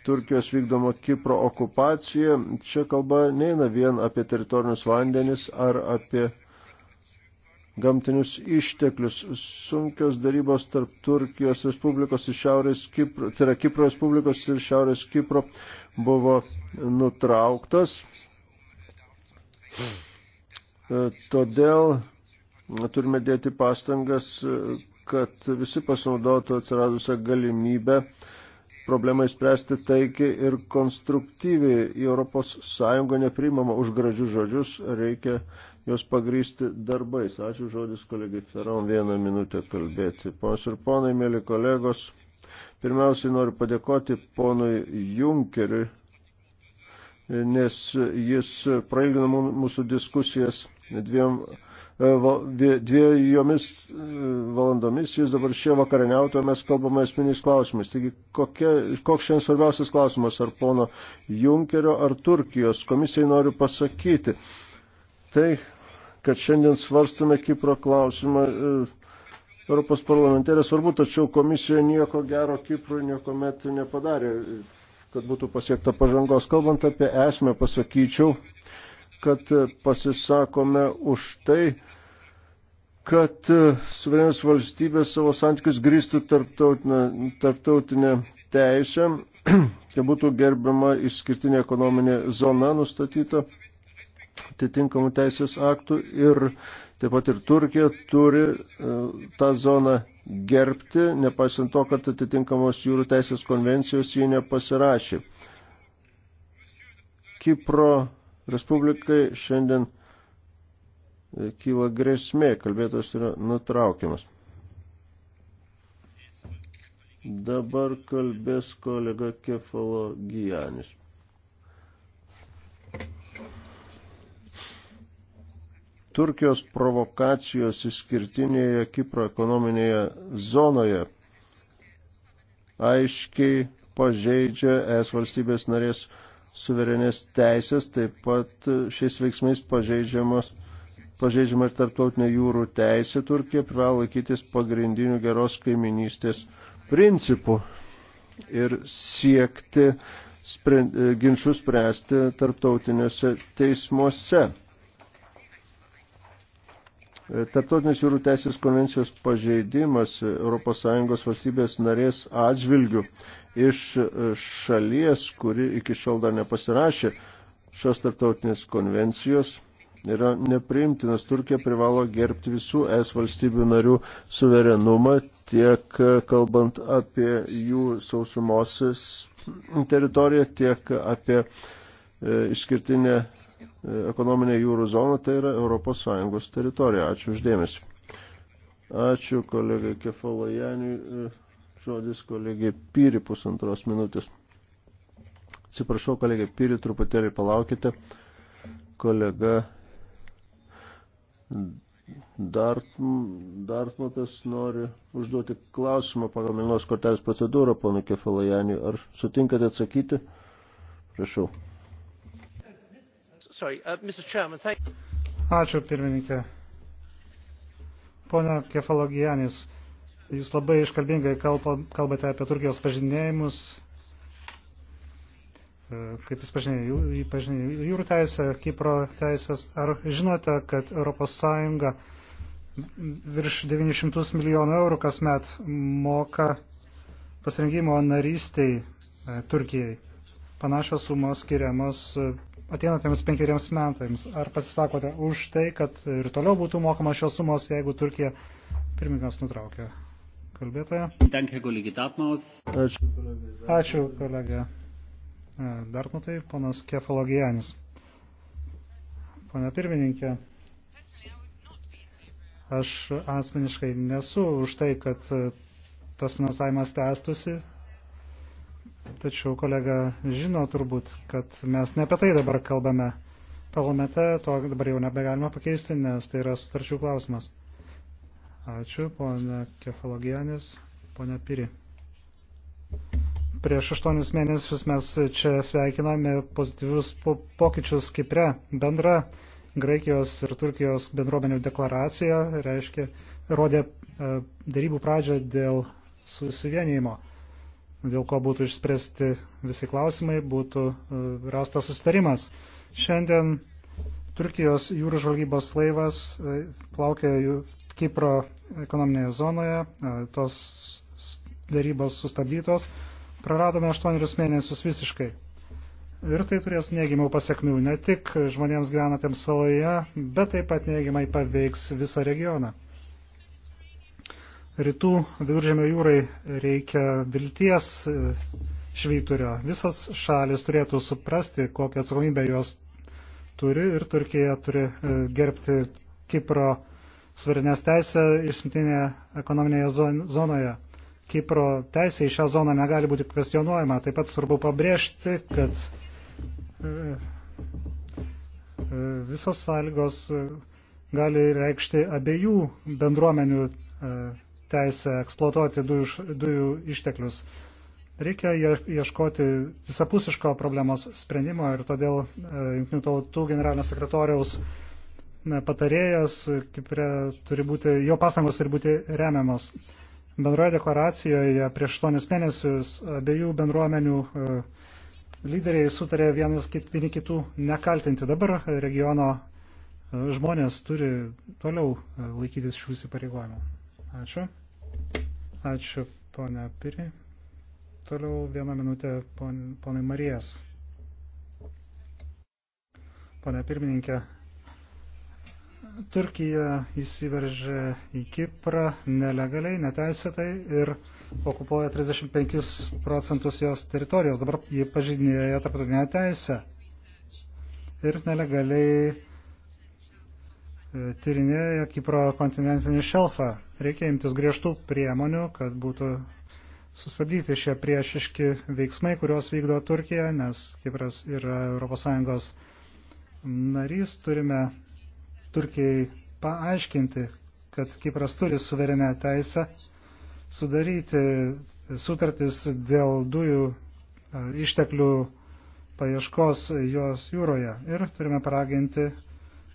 Turkijos vykdomo Kipro okupaciją. Čia kalba neina vien apie teritorinius vandenis ar apie gamtinius išteklius. Sunkios darybos tarp Turkijos Respublikos ir Šiaurės Kipro, tai yra Kipro Respublikos ir Šiaurės Kipro buvo nutrauktas. Todėl turime dėti pastangas, kad visi pasinaudotų atsiradusią galimybę uh, problemai spręsti taikiai ir konstruktyviai. Į ES neprimama už gražius žodžius, reikia juos pagrysti darbais. Ačiū žodis kolegai Feron vieną minutę kalbėti. Ponas ir ponai, mėly kolegos, pirmiausiai noriu padėkoti ponui Junkeriui, nes jis prailgina mūsų diskusijas dviem E, dviejomis e, valandomis, jūs dabar šie vakarieniautoje mes kalbame esminiais klausimais. Taigi, kokie, koks šiandien svarbiausias klausimas, ar pono Junkerio, ar Turkijos komisijai noriu pasakyti, tai, kad šiandien svarstume Kipro klausimą e, Europos parlamente yra svarbu, tačiau komisija nieko gero Kiprui nieko met nepadarė, kad būtų pasiekta pažangos. Kalbant apie esmę, pasakyčiau, kad pasisakome už tai, kad e, suverenės valstybės savo santykius grįstų tarptautinę, tarptautinę teisę, [CLEARS THROAT] kad būtų gerbiama išskirtinė ekonominė zona nustatyta atitinkamų teisės aktų ir taip pat ir Turkija turi e, tą zoną gerbti, nepaisant to, kad atitinkamos jūrų teisės konvencijos jį nepasirašė. Kipro Respublikai šiandien E, kyla grėsmė, kalbėtos yra nutraukiamas. Dabar kalbės kolega Kefalo Gijanis. Turkijos provokacijos išskirtinėje Kipro ekonominėje zonoje aiškiai pažeidžia es valstybės narės suverenės teisės, taip pat šiais veiksmais pažeidžiamos uh, pažeidžiama ir tarptautinė jūrų teisė, Turkija privalo laikytis pagrindinių geros kaiminystės principų ir siekti sprend, ginčių spręsti tarptautiniuose teismuose. Tarptautinės jūrų teisės konvencijos pažeidimas ES valstybės narės atžvilgių iš šalies, kuri iki šiol dar nepasirašė šios tarptautinės konvencijos, yra nepriimtinas. Turkija privalo gerbti visų es valstybių narių suverenumą, tiek kalbant apie jų sausumos teritoriją, tiek apie e, išskirtinę e, ekonominę jūrų zoną, tai yra ES teritorija. Ačiū uždėmesi. Ačiū kolegai Kefalojaniui. E, žodis kolegė Pyri pusantros minutės. Atsiprašau, kolegė Pyri, truputėlį palaukite. Kolega Dartmatas nori užduoti klausimą pagal Milnos kortelės procedūrą, ponui Kefalajaniui. Ar sutinkate atsakyti? Prašau. Sorry, uh, Mr. Chairman, thank... Ačiū, pirmininkė. Pone Kefalogijanis, jūs labai iškalbingai kalbate apie Turkijos pažinėjimus kaip jis pažinėjo jūrų teisę, Kipro teisės. Ar žinote, kad ES virš 900 milijonų eurų kasmet moka pasirinkimo narystiai e, Turkijai? Panašios sumos skiriamos e, ateinatiems penkeriems metams. Ar pasisakote už tai, kad ir toliau būtų mokama šios sumos, jeigu Turkija pirmininkas nutraukė kalbėtoją? Ačiū, kolega. E, Dartmutai, nu ponas Kefalogijanis. Pone pirmininkė, aš asmeniškai nesu už tai, kad e, tas finansavimas tęstusi, tačiau kolega žino turbūt, kad mes ne apie tai dabar kalbame parlamente, to dabar jau nebegalima pakeisti, nes tai yra sutarčių klausimas. Ačiū, ponė Kefalogijanis, ponė Piri. Prieš aštuonius mėnesius mes čia sveikiname pozityvius pokyčius Kipre. Bendra Graikijos ir Turkijos bendruomenių deklaracija reiškia, rodė e, darybų pradžią dėl susivienijimo, dėl ko būtų išspręsti visi klausimai, būtų e, rastas sustarimas. Šiandien Turkijos jūrų žvalgybos laivas e, plaukė Kipro ekonominėje zonoje, tos darybos sustabdytos Praradome 8 mėnesius visiškai. Ir tai turės neigiamų pasiekmių ne tik žmonėms gyvenatėms saloje, bet taip pat neigiamai paveiks visą regioną. Rytų viduržėmio jūrai reikia vilties e, švyturio. Visas šalis turėtų suprasti, kokią atsakomybę jos turi ir Turkija turi e, gerbti Kipro suverenės teisę išsimtinėje ekonominėje zonoje. Kipro teisė į šią zoną negali būti kvestionuojama. Taip pat svarbu pabrėžti, kad e, e, visos sąlygos e, gali reikšti abiejų bendruomenių teisę eksploatuoti dujų, dujų išteklius. Reikia ieškoti visapusiško problemos sprendimo ir todėl Junktinių tautų generalinio sekretoriaus patarėjas Kiprė turi būti, jo pastangos turi būti remiamos. Bendroje deklaracijoje prieš 8 mėnesius abiejų bendruomenių e, lyderiai sutarė vienas kit, vieni kitų nekaltinti. Dabar regiono e, žmonės turi toliau e, laikytis šių įsipareigojimų. Ačiū. Ačiū, ponia Piri. Toliau vieną minutę pon, ponai Marijas. Pone pirmininkė, Turkija įsiveržė į Kiprą nelegaliai, neteisėtai ir okupuoja 35 procentus jos teritorijos. Dabar jį pažydinėja tarptautinę teisę ir nelegaliai e, tyrinėja Kipro kontinentinį šelfą. Reikia imtis griežtų priemonių, kad būtų sustabdyti šie priešiški veiksmai, kuriuos vykdo Turkija, nes Kipras yra ES narys. Turime Turkijai paaiškinti, kad Kipras turi suverenę teisę sudaryti sutartis dėl dujų e, išteklių paieškos jos jūroje. Ir turime paraginti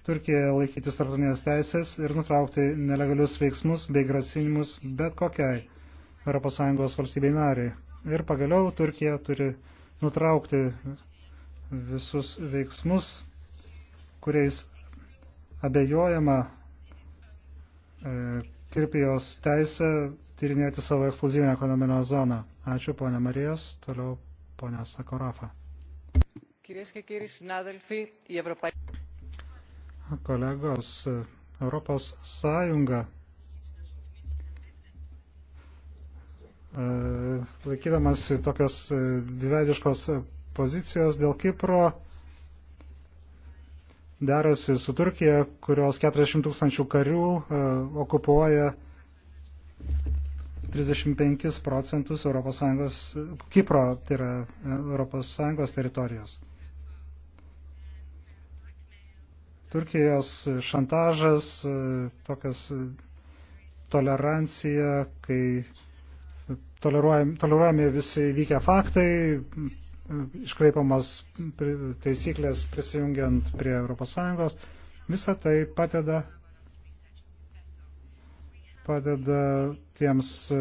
Turkiją laikytis tarptautinės teisės ir nutraukti nelegalius veiksmus bei grasinimus bet kokiai ES valstybei nariai. Ir pagaliau Turkija turi nutraukti visus veiksmus, kuriais abejojama e, Kirpijos teisę tyrinėti savo ekskluzyvinę ekonominę zoną. Ačiū, ponė Marijas. Toliau, ponė Sakorafa. Kolegos, Europos Sąjunga e, laikydamasi tokios e, dviveidiškos pozicijos dėl Kipro derasi su Turkija, kurios 40 tūkstančių karių e, okupuoja 35 procentus ES, Kipro, tai yra ES teritorijos. Turkijos šantažas, e, tokias e, tolerancija, kai toleruojami, toleruojami visi vykę faktai, iškraipamos taisyklės prisijungiant prie ES, visa tai padeda, padeda tiems e,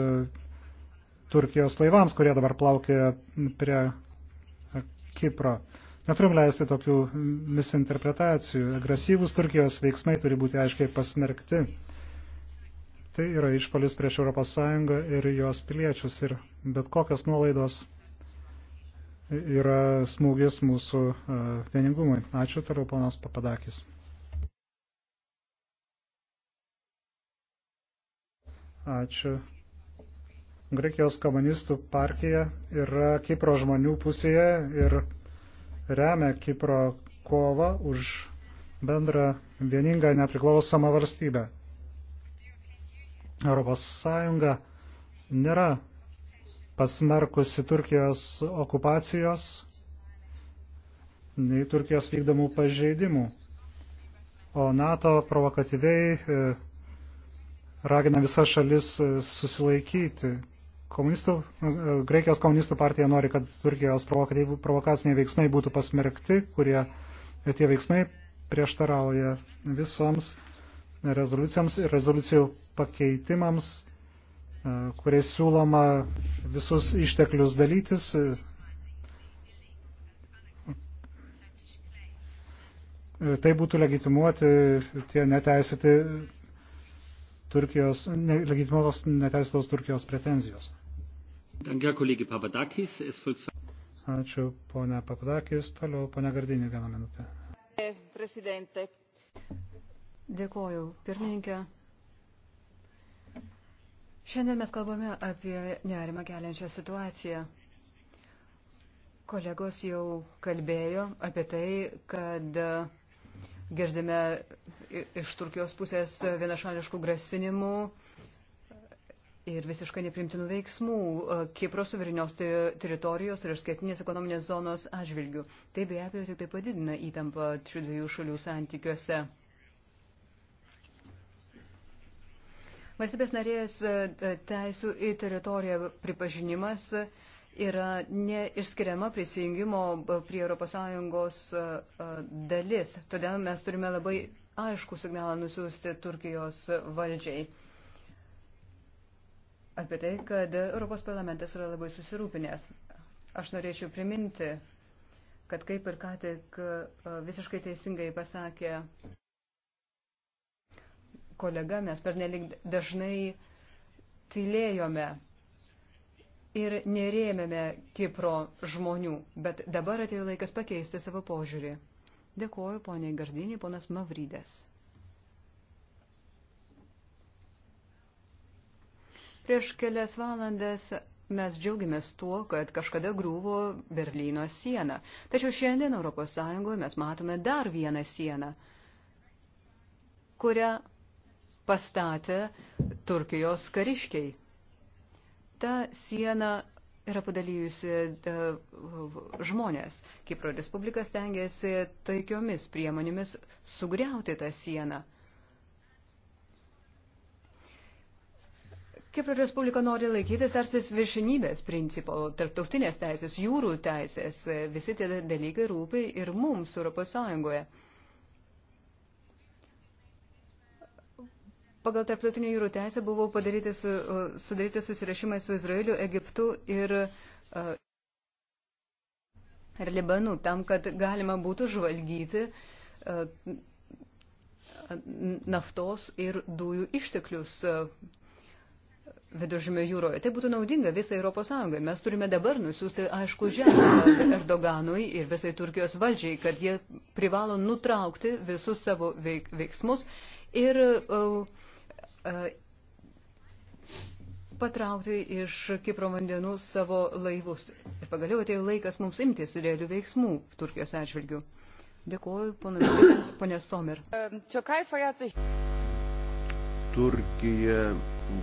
Turkijos laivams, kurie dabar plaukia prie e, Kipro. Neturim leisti tokių misinterpretacijų. Agresyvus Turkijos veiksmai turi būti aiškiai pasmerkti. Tai yra išpolis prieš ES ir jos piliečius ir bet kokios nuolaidos yra smūgis mūsų e, vieningumui. Ačiū toliau, ponas Papadakis. Ačiū. Graikijos komunistų partija yra Kipro žmonių pusėje ir remia Kipro kovą už bendrą vieningą nepriklausomą valstybę. Europos Sąjunga nėra pasmerkusi Turkijos okupacijos, nei Turkijos vykdomų pažeidimų. O NATO provokatyviai e, ragina visas šalis e, susilaikyti. Komunistų, e, Graikijos komunistų partija nori, kad Turkijos provokaciniai veiksmai būtų pasmerkti, kurie tie veiksmai prieštarauja visoms rezoliucijoms ir rezoliucijų pakeitimams kuriais siūloma visus išteklius dalytis. Tai būtų legitimuoti tie neteisėti Turkijos, ne, legitimuotos neteisėtos Turkijos pretenzijos. Ačiū, ponia Papadakis. Toliau, ponia Gardinė, vieną minutę. Dėkuoju, pirmininkė. Šiandien mes kalbame apie nerimą keliančią situaciją. Kolegos jau kalbėjo apie tai, kad girdime iš Turkijos pusės vienašališkų grasinimų ir visiškai neprimtinų veiksmų Kipro suverinios teritorijos ir išskirtinės ekonominės zonos atžvilgių. Tai be abejo tik tai padidina įtampą šių dviejų šalių santykiuose. Valstybės narės e, e, teisų į teritoriją pripažinimas e, yra neišskiriama prisijungimo prie ES dalis. Todėl mes turime labai aišku signalą nusiųsti Turkijos valdžiai apie tai, kad Europos parlamentas yra labai susirūpinęs. Aš norėčiau priminti, kad kaip ir ką tik visiškai teisingai pasakė kolega mes pernelik dažnai tylėjome ir nerėmėme Kipro žmonių, bet dabar atėjo laikas pakeisti savo požiūrį. Dėkuoju poniai Gardiniai, ponas Mavrydės. Prieš kelias valandas mes džiaugiamės tuo, kad kažkada grūvo Berlyno siena. Tačiau šiandien ES mes matome dar vieną sieną, kurią pastatė Turkijos kariškiai. Ta siena yra padalyjusi e, žmonės. Kipro Respublika stengiasi taikiomis priemonėmis sugriauti tą sieną. Kipro Respublika nori laikytis tarsis viršinybės principo, tarptautinės teisės, jūrų teisės. Visi tie dalykai rūpi ir mums Europos Sąjungoje. pagal tarptautinį jūrų teisę buvo padaryti su, sudaryti susirašymai su Izraeliu, Egiptu ir, ir Libanu, tam, kad galima būtų žvalgyti naftos ir dujų išteklius viduržymio jūroje. Tai būtų naudinga visai Europos Sąjungai. Mes turime dabar nusiųsti aišku ženklą Erdoganui ir visai Turkijos valdžiai, kad jie privalo nutraukti visus savo veik, veiksmus ir uh, E, patraukti iš Kipro vandenų savo laivus. Ir pagaliau atėjo laikas mums imtis realių veiksmų Turkijos atžvilgių. Dėkuoju, ponė Somer. Turkija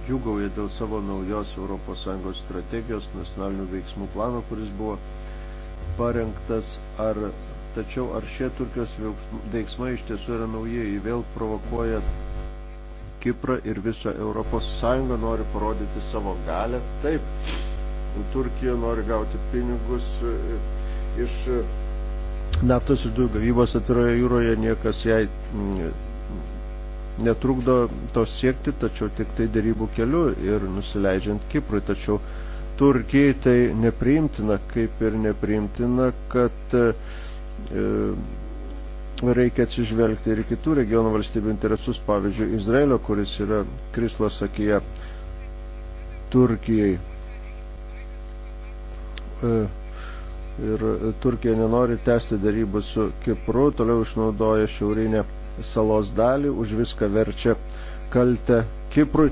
džiugauja dėl savo naujos ES strategijos, nacionalinių veiksmų plano, kuris buvo parengtas. Ar, tačiau ar šie Turkijos veiksmai iš tiesų yra naujieji, vėl provokuoja Kiprą ir visą Europos Sąjungą nori parodyti savo galę. Taip, Turkija nori gauti pinigus e, iš e, naftos ir dujų gavybos atviroje jūroje, niekas jai mm, netrukdo to siekti, tačiau tik tai darybų keliu ir nusileidžiant Kiprui. Tačiau Turkijai tai nepriimtina, kaip ir nepriimtina, kad e, reikia atsižvelgti ir kitų regionų valstybių interesus, pavyzdžiui, Izraelio, kuris yra Krislas sakyje Turkijai. E, ir Turkija nenori tęsti darybų su Kipru, toliau išnaudoja šiaurinę salos dalį, už viską verčia kaltę Kiprui.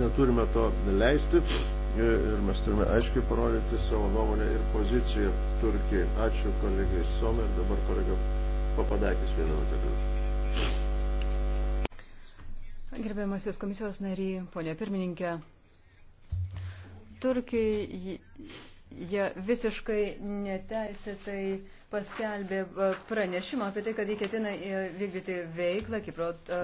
Neturime to leisti ir mes turime aiškiai parodyti savo nuomonę ir poziciją Turkijai. Ačiū kolegai Somer, dabar kolega Papadakis vieną minutę. Gerbiamasis komisijos nariai, ponė pirmininkė, Turkijai jie visiškai neteisėtai paskelbė e, pranešimą apie tai, kad jie ketina e, vykdyti veiklą Kipro e,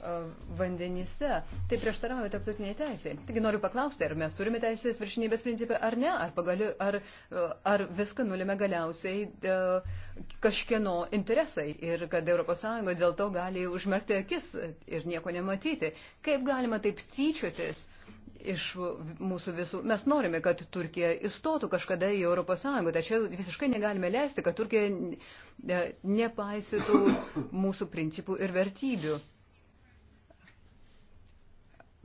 E, vandenyse. Tai prieštarauja tarptautiniai teisai. Taigi noriu paklausti, ar mes turime teisės viršinybės principą ar ne, ar, pagaliu, ar, e, ar viską nulėmė galiausiai e, kažkieno interesai ir kad ES dėl to gali užmerkti akis ir nieko nematyti. Kaip galima taip tyčiotis? Iš mūsų visų. Mes norime, kad Turkija įstotų kažkada į ES, tačiau visiškai negalime leisti, kad Turkija nepaisytų mūsų principų ir vertybių.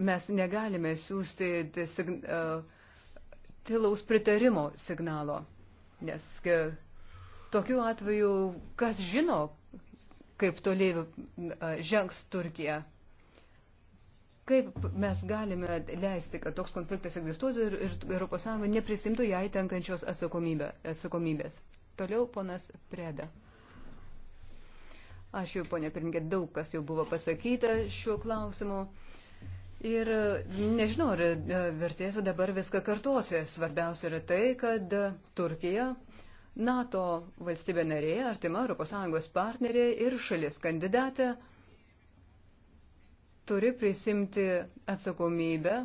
Mes negalime siūsti tilaus e, pritarimo signalo, nes e, tokiu atveju kas žino, kaip toliai e, žengs Turkija. Kaip mes galime leisti, kad toks konfliktas egzistuotų ir, ir ES neprisimtų jai tenkančios atsakomybė, atsakomybės. Toliau ponas Preda. Ačiū, ponė Pirinkė, daug kas jau buvo pasakyta šiuo klausimu. Ir e, nežinau, ar e, vertėtų dabar viską kartuoti. Svarbiausia yra tai, kad e, Turkija, NATO valstybė narė, artima ES partnerė ir šalis kandidatė turi prisimti atsakomybę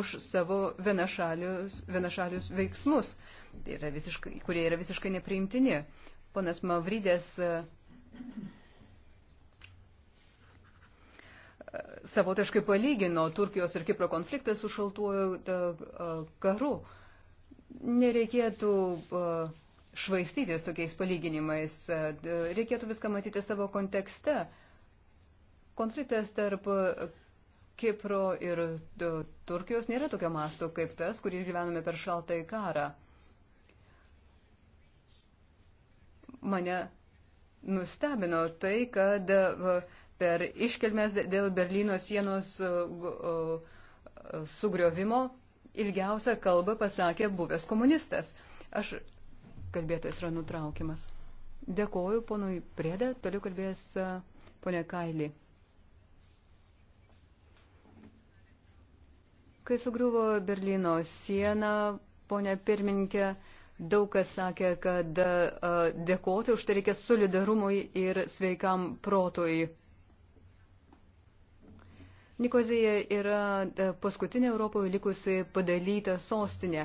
už savo vienašalius, vienašalius veiksmus, tai yra visiškai, kurie yra visiškai nepriimtini. Ponas Mavrydės savotiškai palygino Turkijos ir Kipro konfliktą su šaltuoju karu. Nereikėtų švaistytis tokiais palyginimais, reikėtų viską matyti savo kontekste. Konfliktas tarp Kipro ir Turkijos nėra tokio masto kaip tas, kurį gyvenome per šaltąjį karą. Mane nustebino tai, kad per iškelmes dėl Berlyno sienos e, e, sugriovimo ilgiausią kalbą pasakė buvęs komunistas. Aš kalbėtojas yra nutraukimas. Dėkoju ponui Priedė, toliau kalbės e, ponė Kailį. Kai sugriuvo Berlyno siena, ponė pirmininkė, daug kas sakė, kad dėkoti už tai reikia solidarumui ir sveikam protui. Nikozija yra e, paskutinė Europoje likusi padalyta sostinė.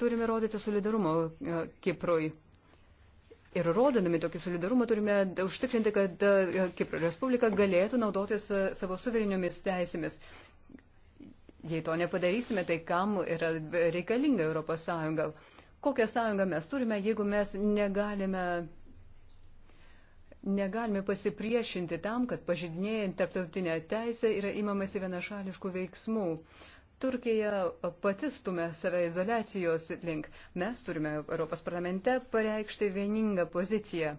Turime rodyti solidarumą e, Kiprui. Ir rodinami tokį solidarumą turime užtikrinti, kad e, Kipro Respublika galėtų naudotis savo suvereniomis teisėmis. Jei to nepadarysime, tai kam yra reikalinga Europos Sąjunga? Kokią sąjungą mes turime, jeigu mes negalime negalime pasipriešinti tam, kad pažydinėjant tarptautinę teisę yra imamasi vienašališkų veiksmų. Turkija pati stumia save izolacijos link. Mes turime Europos parlamente pareikšti vieningą poziciją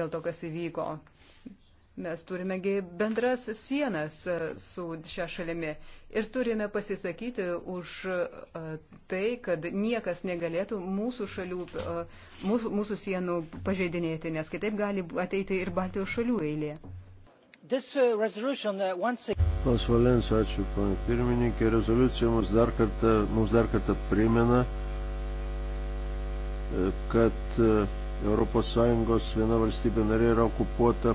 dėl to, kas įvyko. Mes turime bendras sienas e, su šia šalimi ir turime pasisakyti už e, tai, kad niekas negalėtų mūsų, šalių, e, mūsų, mūsų sienų pažeidinėti, nes kitaip gali ateiti ir Baltijos šalių eilė. Pas Valens, ačiū, pana pirmininkė, rezoliucija mums dar kartą, mums dar kartą primena, kad ES viena valstybė narė yra okupuota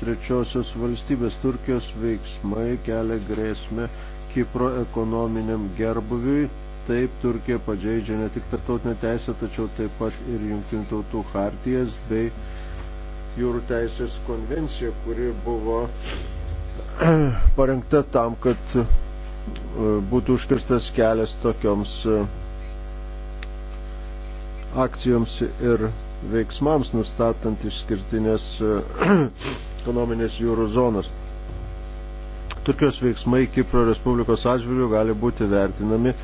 trečiosios valstybės. Turkijos veiksmai kelia grėsmę Kipro ekonominiam gerbuviui. Taip, Turkija pažeidžia ne tik tarptautinę teisę, tačiau taip pat ir jungtinių tautų hartijas bei jūrų teisės konvencija, kuri buvo [CLEARS THROAT] parengta tam, kad e, būtų užkirstas kelias tokioms e, akcijoms ir veiksmams nustatant išskirtinės eh, [CLEARS THROAT] ekonominės jūrų zonas. Turkijos veiksmai Kipro Respublikos atžvilgių gali būti vertinami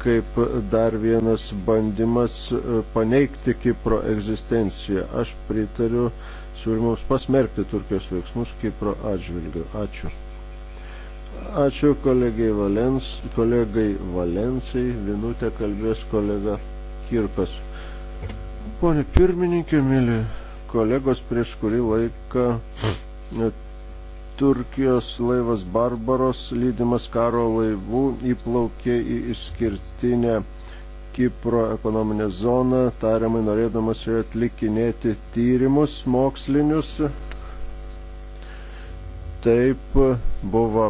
kaip dar vienas bandymas eh, paneigti Kipro egzistenciją. Aš pritariu siūlymams pasmerkti Turkijos veiksmus Kipro atžvilgių. Ačiū. Ačiū kolegai Valens, kolegai Valensai, vienutę kalbės kolega Kirkas. Pone pirmininkė, mėly kolegos, prieš kurį laiką e, Turkijos laivas Barbaros, lydimas karo laivų, įplaukė į išskirtinę Kipro ekonominę zoną, tariamai norėdamas joje atlikinėti tyrimus mokslinius. Taip buvo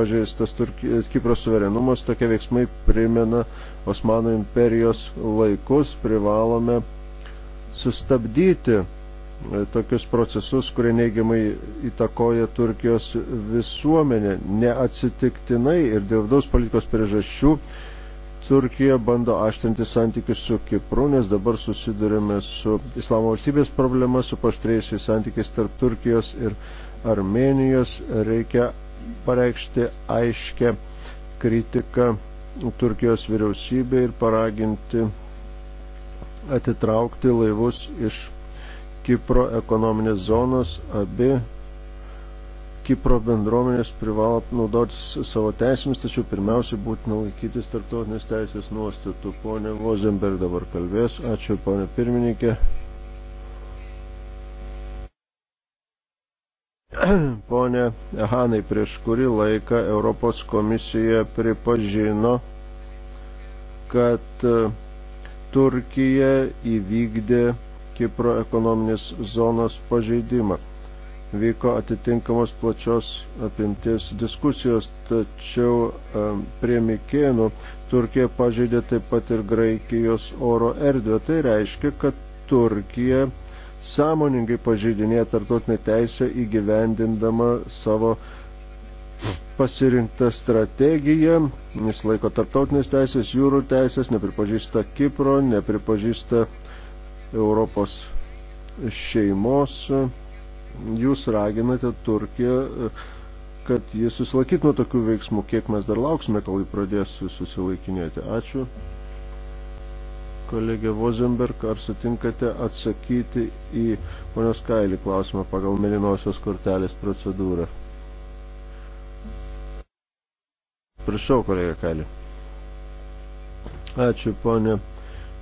pažeistas Turkijos, e, Kipro suverenumas, tokie veiksmai primena Osmanų imperijos laikus, privalome sustabdyti e, tokius procesus, kurie neigiamai įtakoja Turkijos visuomenę. Neatsitiktinai ir dėl vidaus politikos priežasčių Turkija bando aštrinti santykius su Kipru, nes dabar susidurime su Islamo valstybės problema, su paštrėjusiais santykiais tarp Turkijos ir Armenijos. Reikia pareikšti aiškę kritiką Turkijos vyriausybė ir paraginti atitraukti laivus iš Kipro ekonominės zonos. Abi Kipro bendruomenės privalo naudotis savo teisėmis, tačiau pirmiausia būtina laikytis tarptautinės teisės nuostatų. Pone Vozenberg dabar kalbės. Ačiū, pone pirmininkė. [CLEARS THROAT] Pone Hanai, prieš kurį laiką Europos komisija pripažino, kad uh, Turkija įvykdė Kipro ekonominės zonos pažeidimą. Vyko atitinkamos plačios apimties diskusijos, tačiau prie Mikėnų Turkija pažeidė taip pat ir Graikijos oro erdvę. Tai reiškia, kad Turkija sąmoningai pažeidinėja tarptautinę teisę įgyvendindama savo uh, pasirinkta strategija, jis laiko tarptautinės teisės, jūrų teisės, nepripažįsta Kipro, nepripažįsta Europos šeimos. Jūs raginate Turkiją, kad jis susilaikyt nuo tokių veiksmų, kiek mes dar lauksime, kol jį pradės susilaikinėti. Ačiū. Kolegė Vozenberg, ar sutinkate atsakyti į ponios Kailį klausimą pagal melinosios kortelės procedūrą? Prašau, kolega Kalė. Ačiū, ponė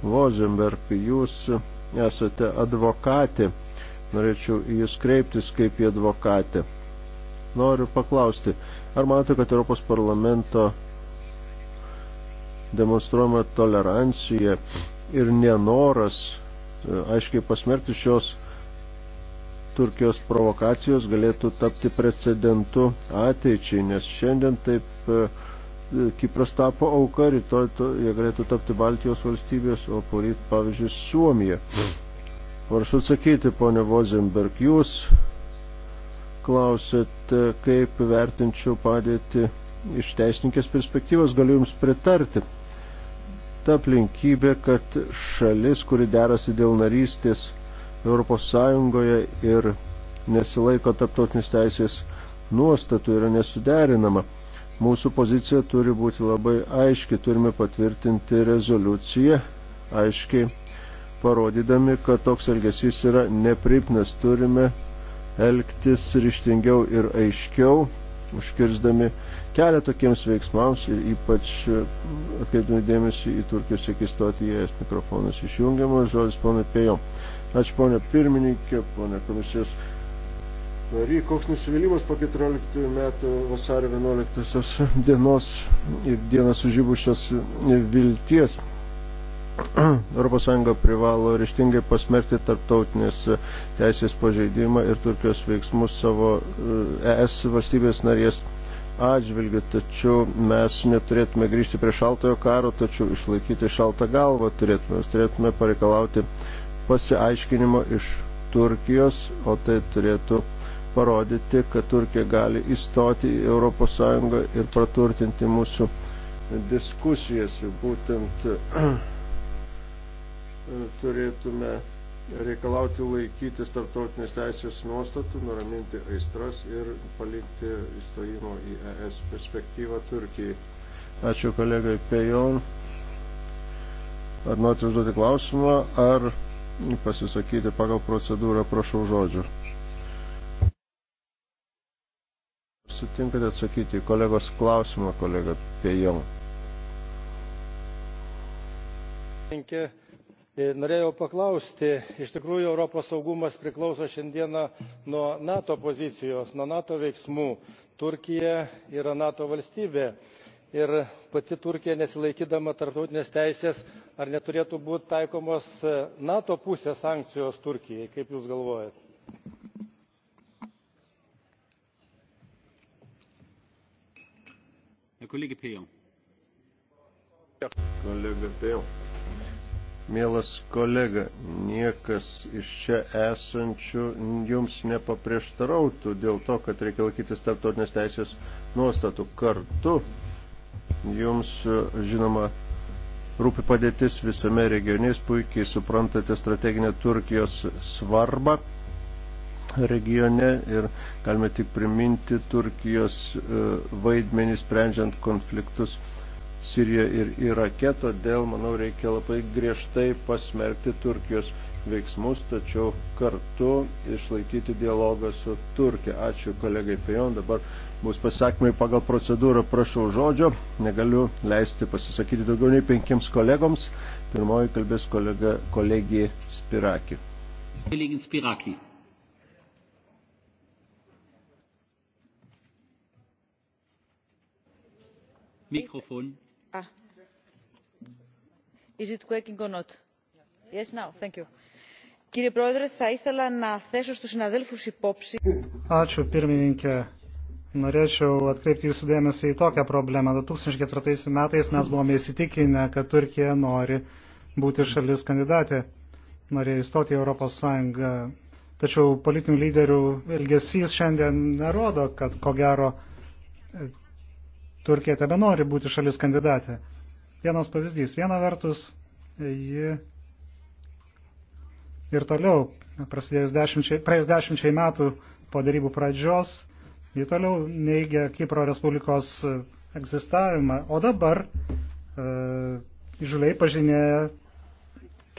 Vozenberg. Jūs esate advokatė. Norėčiau jūs kreiptis kaip į advokatę. Noriu paklausti, ar manote, kad Europos parlamento demonstruojama tolerancija ir nenoras e, aiškiai pasmerkti šios Turkijos provokacijos galėtų tapti precedentu ateičiai, nes šiandien taip e, E, Kipras tapo auka, rytoj to, jie galėtų tapti Baltijos valstybės, o poryt, pavyzdžiui, Suomija. Prašau atsakyti, ponė Vozenberg, jūs klausėte, kaip vertinčiau padėti iš teisininkės perspektyvos, galiu jums pritarti. Ta aplinkybė, kad šalis, kuri derasi dėl narystės Europos Sąjungoje ir nesilaiko tarptautinės teisės nuostatų, yra nesuderinama Mūsų pozicija turi būti labai aiški, turime patvirtinti rezoliuciją, aiškiai parodydami, kad toks elgesys yra nepripnas, turime elgtis ryštingiau ir aiškiau, užkirzdami kelią tokiems veiksmams ir ypač atkreipdami dėmesį į Turkijos ekistotijas mikrofonas išjungiamas, žodis ponai Pėjom. Ačiū ponė pirmininkė, ponė komisijos nary. Koks nusivylimas po 14 metų vasario 11 dienos ir dienas užžibušios vilties. ES [CLEARS THROAT] privalo ryštingai pasmerkti tarptautinės teisės pažeidimą ir Turkijos veiksmus savo ES e valstybės narės atžvilgių, tačiau mes neturėtume grįžti prie šaltojo karo, tačiau išlaikyti šaltą galvą turėtume, mes turėtume pareikalauti pasiaiškinimo iš Turkijos, o tai turėtų parodyti, kad Turkija gali įstoti į ES ir praturtinti mūsų diskusijas. Būtent [CLEARS THROAT] turėtume reikalauti laikytis tarptautinės teisės nuostatų, nuraminti aistras ir palikti įstojimo į ES perspektyvą Turkijai. Ačiū kolegai Pejon. Ar norite užduoti klausimą, ar pasisakyti pagal procedūrą, prašau žodžio. Sutinkate atsakyti į kolegos klausimą, kolega Pėjom. E, norėjau paklausti, iš tikrųjų Europos saugumas priklauso šiandieną nuo NATO pozicijos, nuo NATO veiksmų. Turkija yra NATO valstybė ir pati turkija nesilaikydama tarptautinės teisės ar neturėtų būti taikomos e, nato pusės sankcijos turkijai kaip jūs galvojate? Kolegė Pėjau. Kolega Pėjau. Mielas kolega, niekas iš čia esančių jums nepaprieštarautų dėl to, kad reikia laikytis tarptautinės teisės nuostatų. Kartu jums, žinoma, rūpi padėtis visame regione, puikiai suprantate strateginę Turkijos svarbą regione ir galime tik priminti Turkijos e, vaidmenį sprendžiant konfliktus Sirijoje ir Irake, todėl, manau, reikia labai griežtai pasmerkti Turkijos veiksmus, tačiau kartu išlaikyti dialogą su Turkija. Ačiū kolegai Fejon, dabar bus pasakymai pagal procedūrą, prašau žodžio, negaliu leisti pasisakyti daugiau nei penkiems kolegoms. Pirmoji kalbės kolega, kolegija Spiraki. Kolegin Spiraki. Mikrofon. Ah. Is it working or not? Yes, now. Thank you. Κύριε Πρόεδρε, θα ήθελα να θέσω στους συναδέλφους υπόψη... Ačiū, pirmininkė. Norėčiau atkreipti jūsų dėmesį į tokią problemą. 2004 metais mes buvome įsitikinę, kad Turkija nori būti šalis kandidatė, norėjo įstoti į Europos Sąjungą. Tačiau politinių lyderių elgesys šiandien nerodo, kad ko gero Turkija tebe nori būti šalis kandidatė. Vienas pavyzdys. Viena vertus, ji ir toliau, prasidėjus dešimčiai, praėjus dešimčiai metų po darybų pradžios, ji toliau neigia Kipro Respublikos egzistavimą, o dabar e, žuliai pažinėja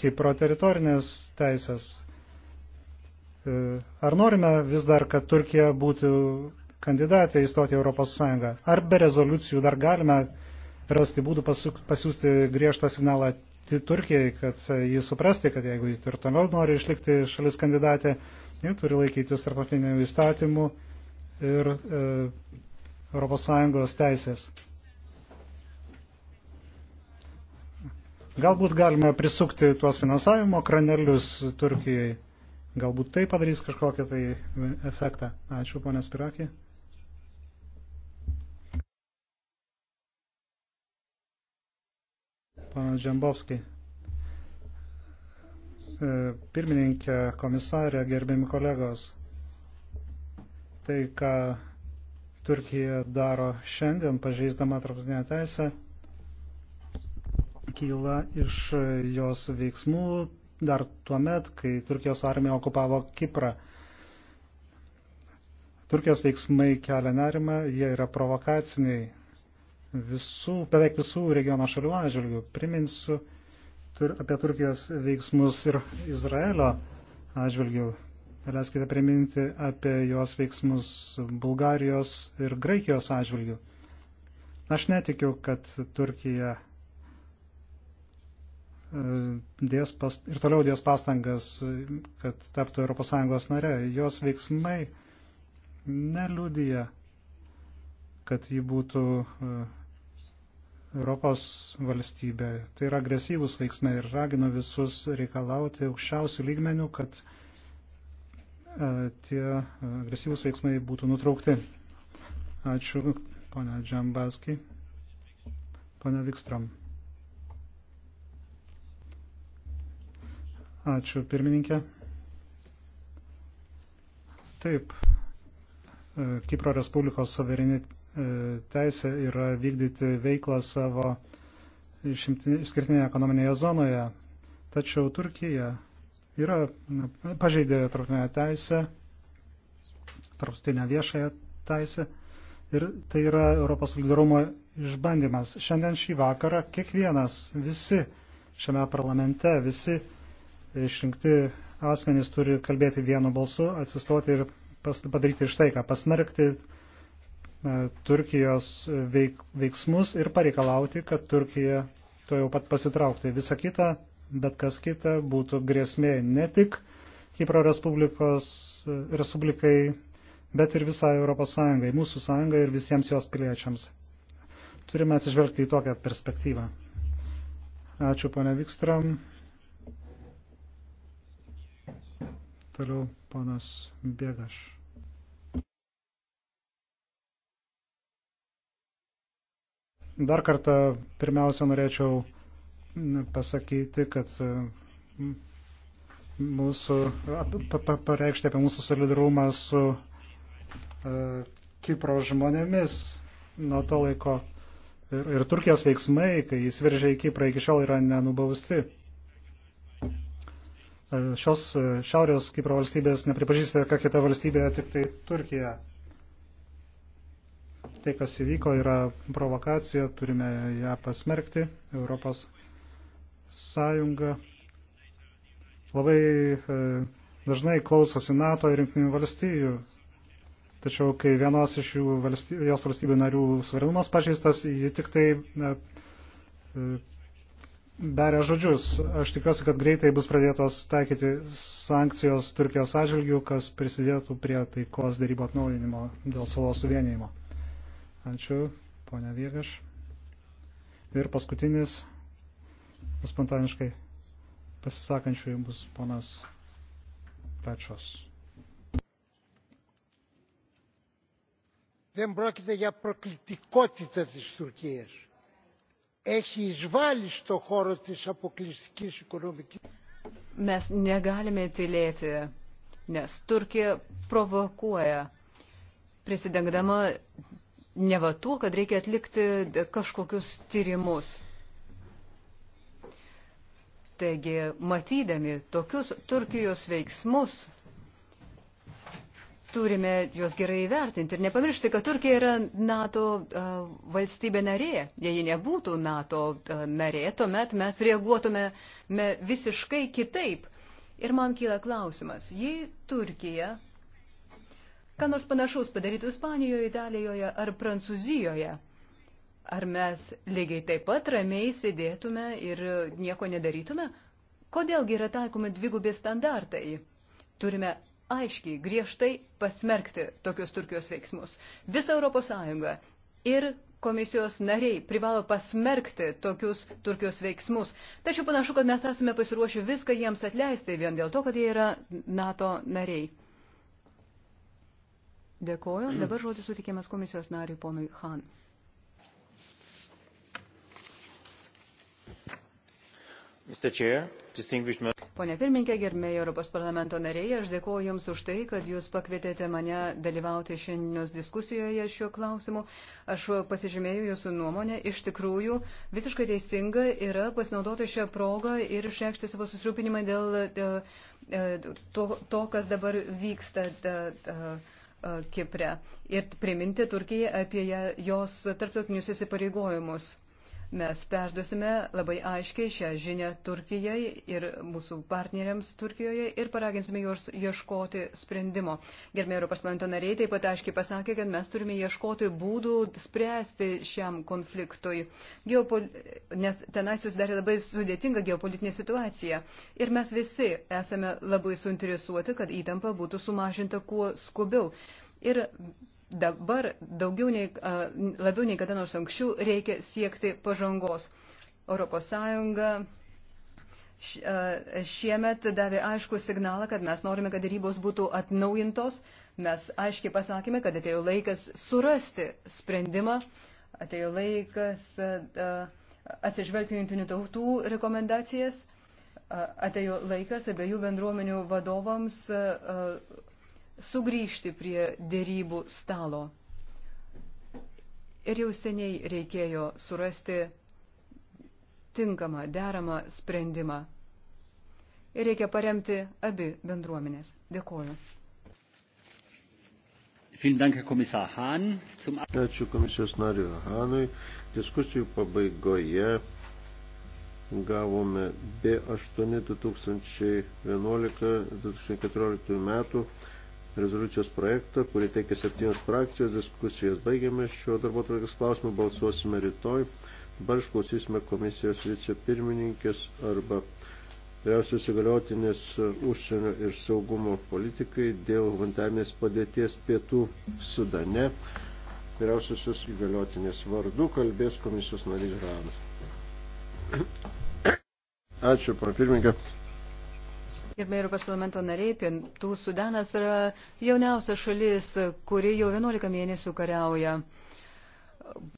Kipro teritorinės teisės. E, ar norime vis dar, kad Turkija būtų kandidatė įstoti į Europos Sąjungą. Ar be rezoliucijų dar galime rasti būdų pasiūsti griežtą signalą Turkijai, kad jį suprasti, kad jeigu jį ir toliau nori išlikti šalis kandidatė, jį turi laikytis tarptautinių įstatymų ir e, ES teisės. Galbūt galime prisukti tuos finansavimo kranelius Turkijai. Galbūt tai padarys kažkokią tai efektą. Ačiū, ponė Spirakė. pana Džembovskį. E, pirmininkė, komisarė, gerbėmi kolegos, tai, ką Turkija daro šiandien, pažeisdama tarptautinę teisę, kyla iš jos veiksmų dar tuo met, kai Turkijos armija okupavo Kiprą. Turkijos veiksmai kelia nerimą, jie yra provokaciniai, visų, beveik visų regiono šalių atžvilgių. Priminsiu tur, apie Turkijos veiksmus ir Izraelio atžvilgių. Leiskite priminti apie jos veiksmus Bulgarijos ir Graikijos atžvilgių. Aš netikiu, kad Turkija e, dės pas, ir toliau dės pastangas, kad taptų ES nare. Jos veiksmai neliudija kad ji būtų e, Europos valstybė. Tai yra agresyvus veiksmai ir ragino visus reikalauti aukščiausių lygmenių, kad e, tie e, agresyvus veiksmai būtų nutraukti. Ačiū, ponia Džambaski. Ponia Vikstram. Ačiū, pirmininkė. Taip, E, Kipro Respublikos suvereni e, teisė yra vykdyti veiklą savo išskirtinėje ekonominėje zonoje. Tačiau Turkija yra pažeidė tarptautinę teisę, tarptautinę viešąją teisę ir tai yra Europos solidarumo išbandymas. Šiandien šį vakarą kiekvienas, visi šiame parlamente, visi išrinkti asmenys turi kalbėti vienu balsu, atsistoti ir padaryti štai ką, pasmerkti Turkijos veik, veiksmus ir pareikalauti, kad Turkija to jau pat pasitraukti. Visa kita, bet kas kita būtų grėsmė ne tik Kipro Respublikai, bet ir visai Europos Sąjungai, mūsų sąjungai ir visiems jos piliečiams. Turime atsižvelgti į tokią perspektyvą. Ačiū, ponia Vikstram. Toliau panas Bėgaš. Dar kartą pirmiausia norėčiau pasakyti, kad mūsų, pareikšti apie mūsų solidarumą su e, Kipro žmonėmis nuo to laiko ir, ir Turkijos veiksmai, kai jis veržė į Kiprą, iki šiol yra nenubausti. Šios e, šiaurės Kipro valstybės nepripažįsta jokia kita valstybė, tik tai Turkija. Tai, kas įvyko, yra provokacija, turime ją pasmerkti. Europos sąjunga labai e, dažnai klausosi NATO ir rinktinių valstybių. Tačiau, kai vienos iš jų valstybių, jos valstybių narių suverenumas pažeistas, ji tik tai e, beria žodžius. Aš tikiuosi, kad greitai bus pradėtos taikyti sankcijos Turkijos atžvilgių, kas prisidėtų prie taikos darybo atnaujinimo dėl salos suvienijimo. Ačiū, ponia Vieviš. Ir paskutinis spontaniškai pasisakančiųjų bus ponas Pečos. Δεν πρόκειται για προκλητικότητα της Τουρκίας έχει εισβάλει στο χώρο της αποκλειστικής οικονομικής. Mes negalime tylėti, nes Turkija provokuoja, prisidengdama ne va tuo, kad reikia atlikti kažkokius tyrimus. Taigi, matydami tokius Turkijos veiksmus, turime juos gerai įvertinti ir nepamiršti, kad Turkija yra NATO valstybė narė. Jei ji nebūtų NATO narė, tuomet mes reaguotume visiškai kitaip. Ir man kyla klausimas, jei Turkija, ką nors panašaus padarytų Ispanijoje, Italijoje ar Prancūzijoje, ar mes lygiai taip pat ramiai sėdėtume ir nieko nedarytume? Kodėlgi yra taikomi dvigubi standartai? Turime aiškiai, griežtai pasmerkti tokius Turkijos veiksmus. Visa ES ir komisijos nariai privalo pasmerkti tokius Turkijos veiksmus. Tačiau panašu, kad mes esame pasiruošę viską jiems atleisti vien dėl to, kad jie yra NATO nariai. Dėkoju. Dabar žodis sutikimas komisijos nariui ponui Han. Pone pirmininkė, gerbėjai Europos parlamento nariai, aš dėkuoju Jums už tai, kad Jūs pakvietėte mane dalyvauti šiandienos diskusijoje šiuo klausimu. Aš pasižymėjau Jūsų nuomonę. Iš tikrųjų, visiškai teisinga yra pasinaudoti šią progą ir išreikšti savo susirūpinimą dėl e, e, to, to kas dabar vyksta. E, Kipre ir priminti Turkijai apie jos tarptautinius įsipareigojimus. Mes perduosime labai aiškiai šią žinią Turkijai ir mūsų partneriams Turkijoje ir paraginsime juos ieškoti sprendimo. Gerbėjai Europos parlamento nariai taip pat aiškiai pasakė, kad mes turime ieškoti būdų spręsti šiam konfliktui, Geopol... nes tenai susidarė labai sudėtinga geopolitinė situacija. Ir mes visi esame labai suinteresuoti, kad įtampa būtų sumažinta kuo skubiau. Ir dabar daugiau nei, labiau nei kada nors anksčiau reikia siekti pažangos. Europos Sąjunga šiemet davė aišku signalą, kad mes norime, kad darybos būtų atnaujintos. Mes aiškiai pasakėme, kad atėjo laikas surasti sprendimą, atėjo laikas atsižvelgti jungtinių tautų rekomendacijas, atėjo laikas abiejų bendruomenių vadovams sugrįžti prie dėrybų stalo. Ir jau seniai reikėjo surasti tinkamą, deramą sprendimą. Ir reikia paremti abi bendruomenės. Dėkoju. Ačiū komisijos nariu Hanui. Diskusijų pabaigoje gavome B8 2011-2014 metų rezoliucijos projektą, kurį teikia septynios frakcijos, diskusijas baigėme šio darbo tvarkės klausimą, balsuosime rytoj. Dabar išklausysime komisijos vicepirmininkės arba vyriausios įgaliotinės užsienio ir saugumo politikai dėl humanitarnės padėties pietų Sudane. Vyriausiosios įgaliotinės vardu kalbės komisijos narys Ranas. Ačiū, papirmininkė. Gerbėjai Europos parlamento nariai, Pietų Sudanas yra jauniausia šalis, kuri jau 11 mėnesių kariauja.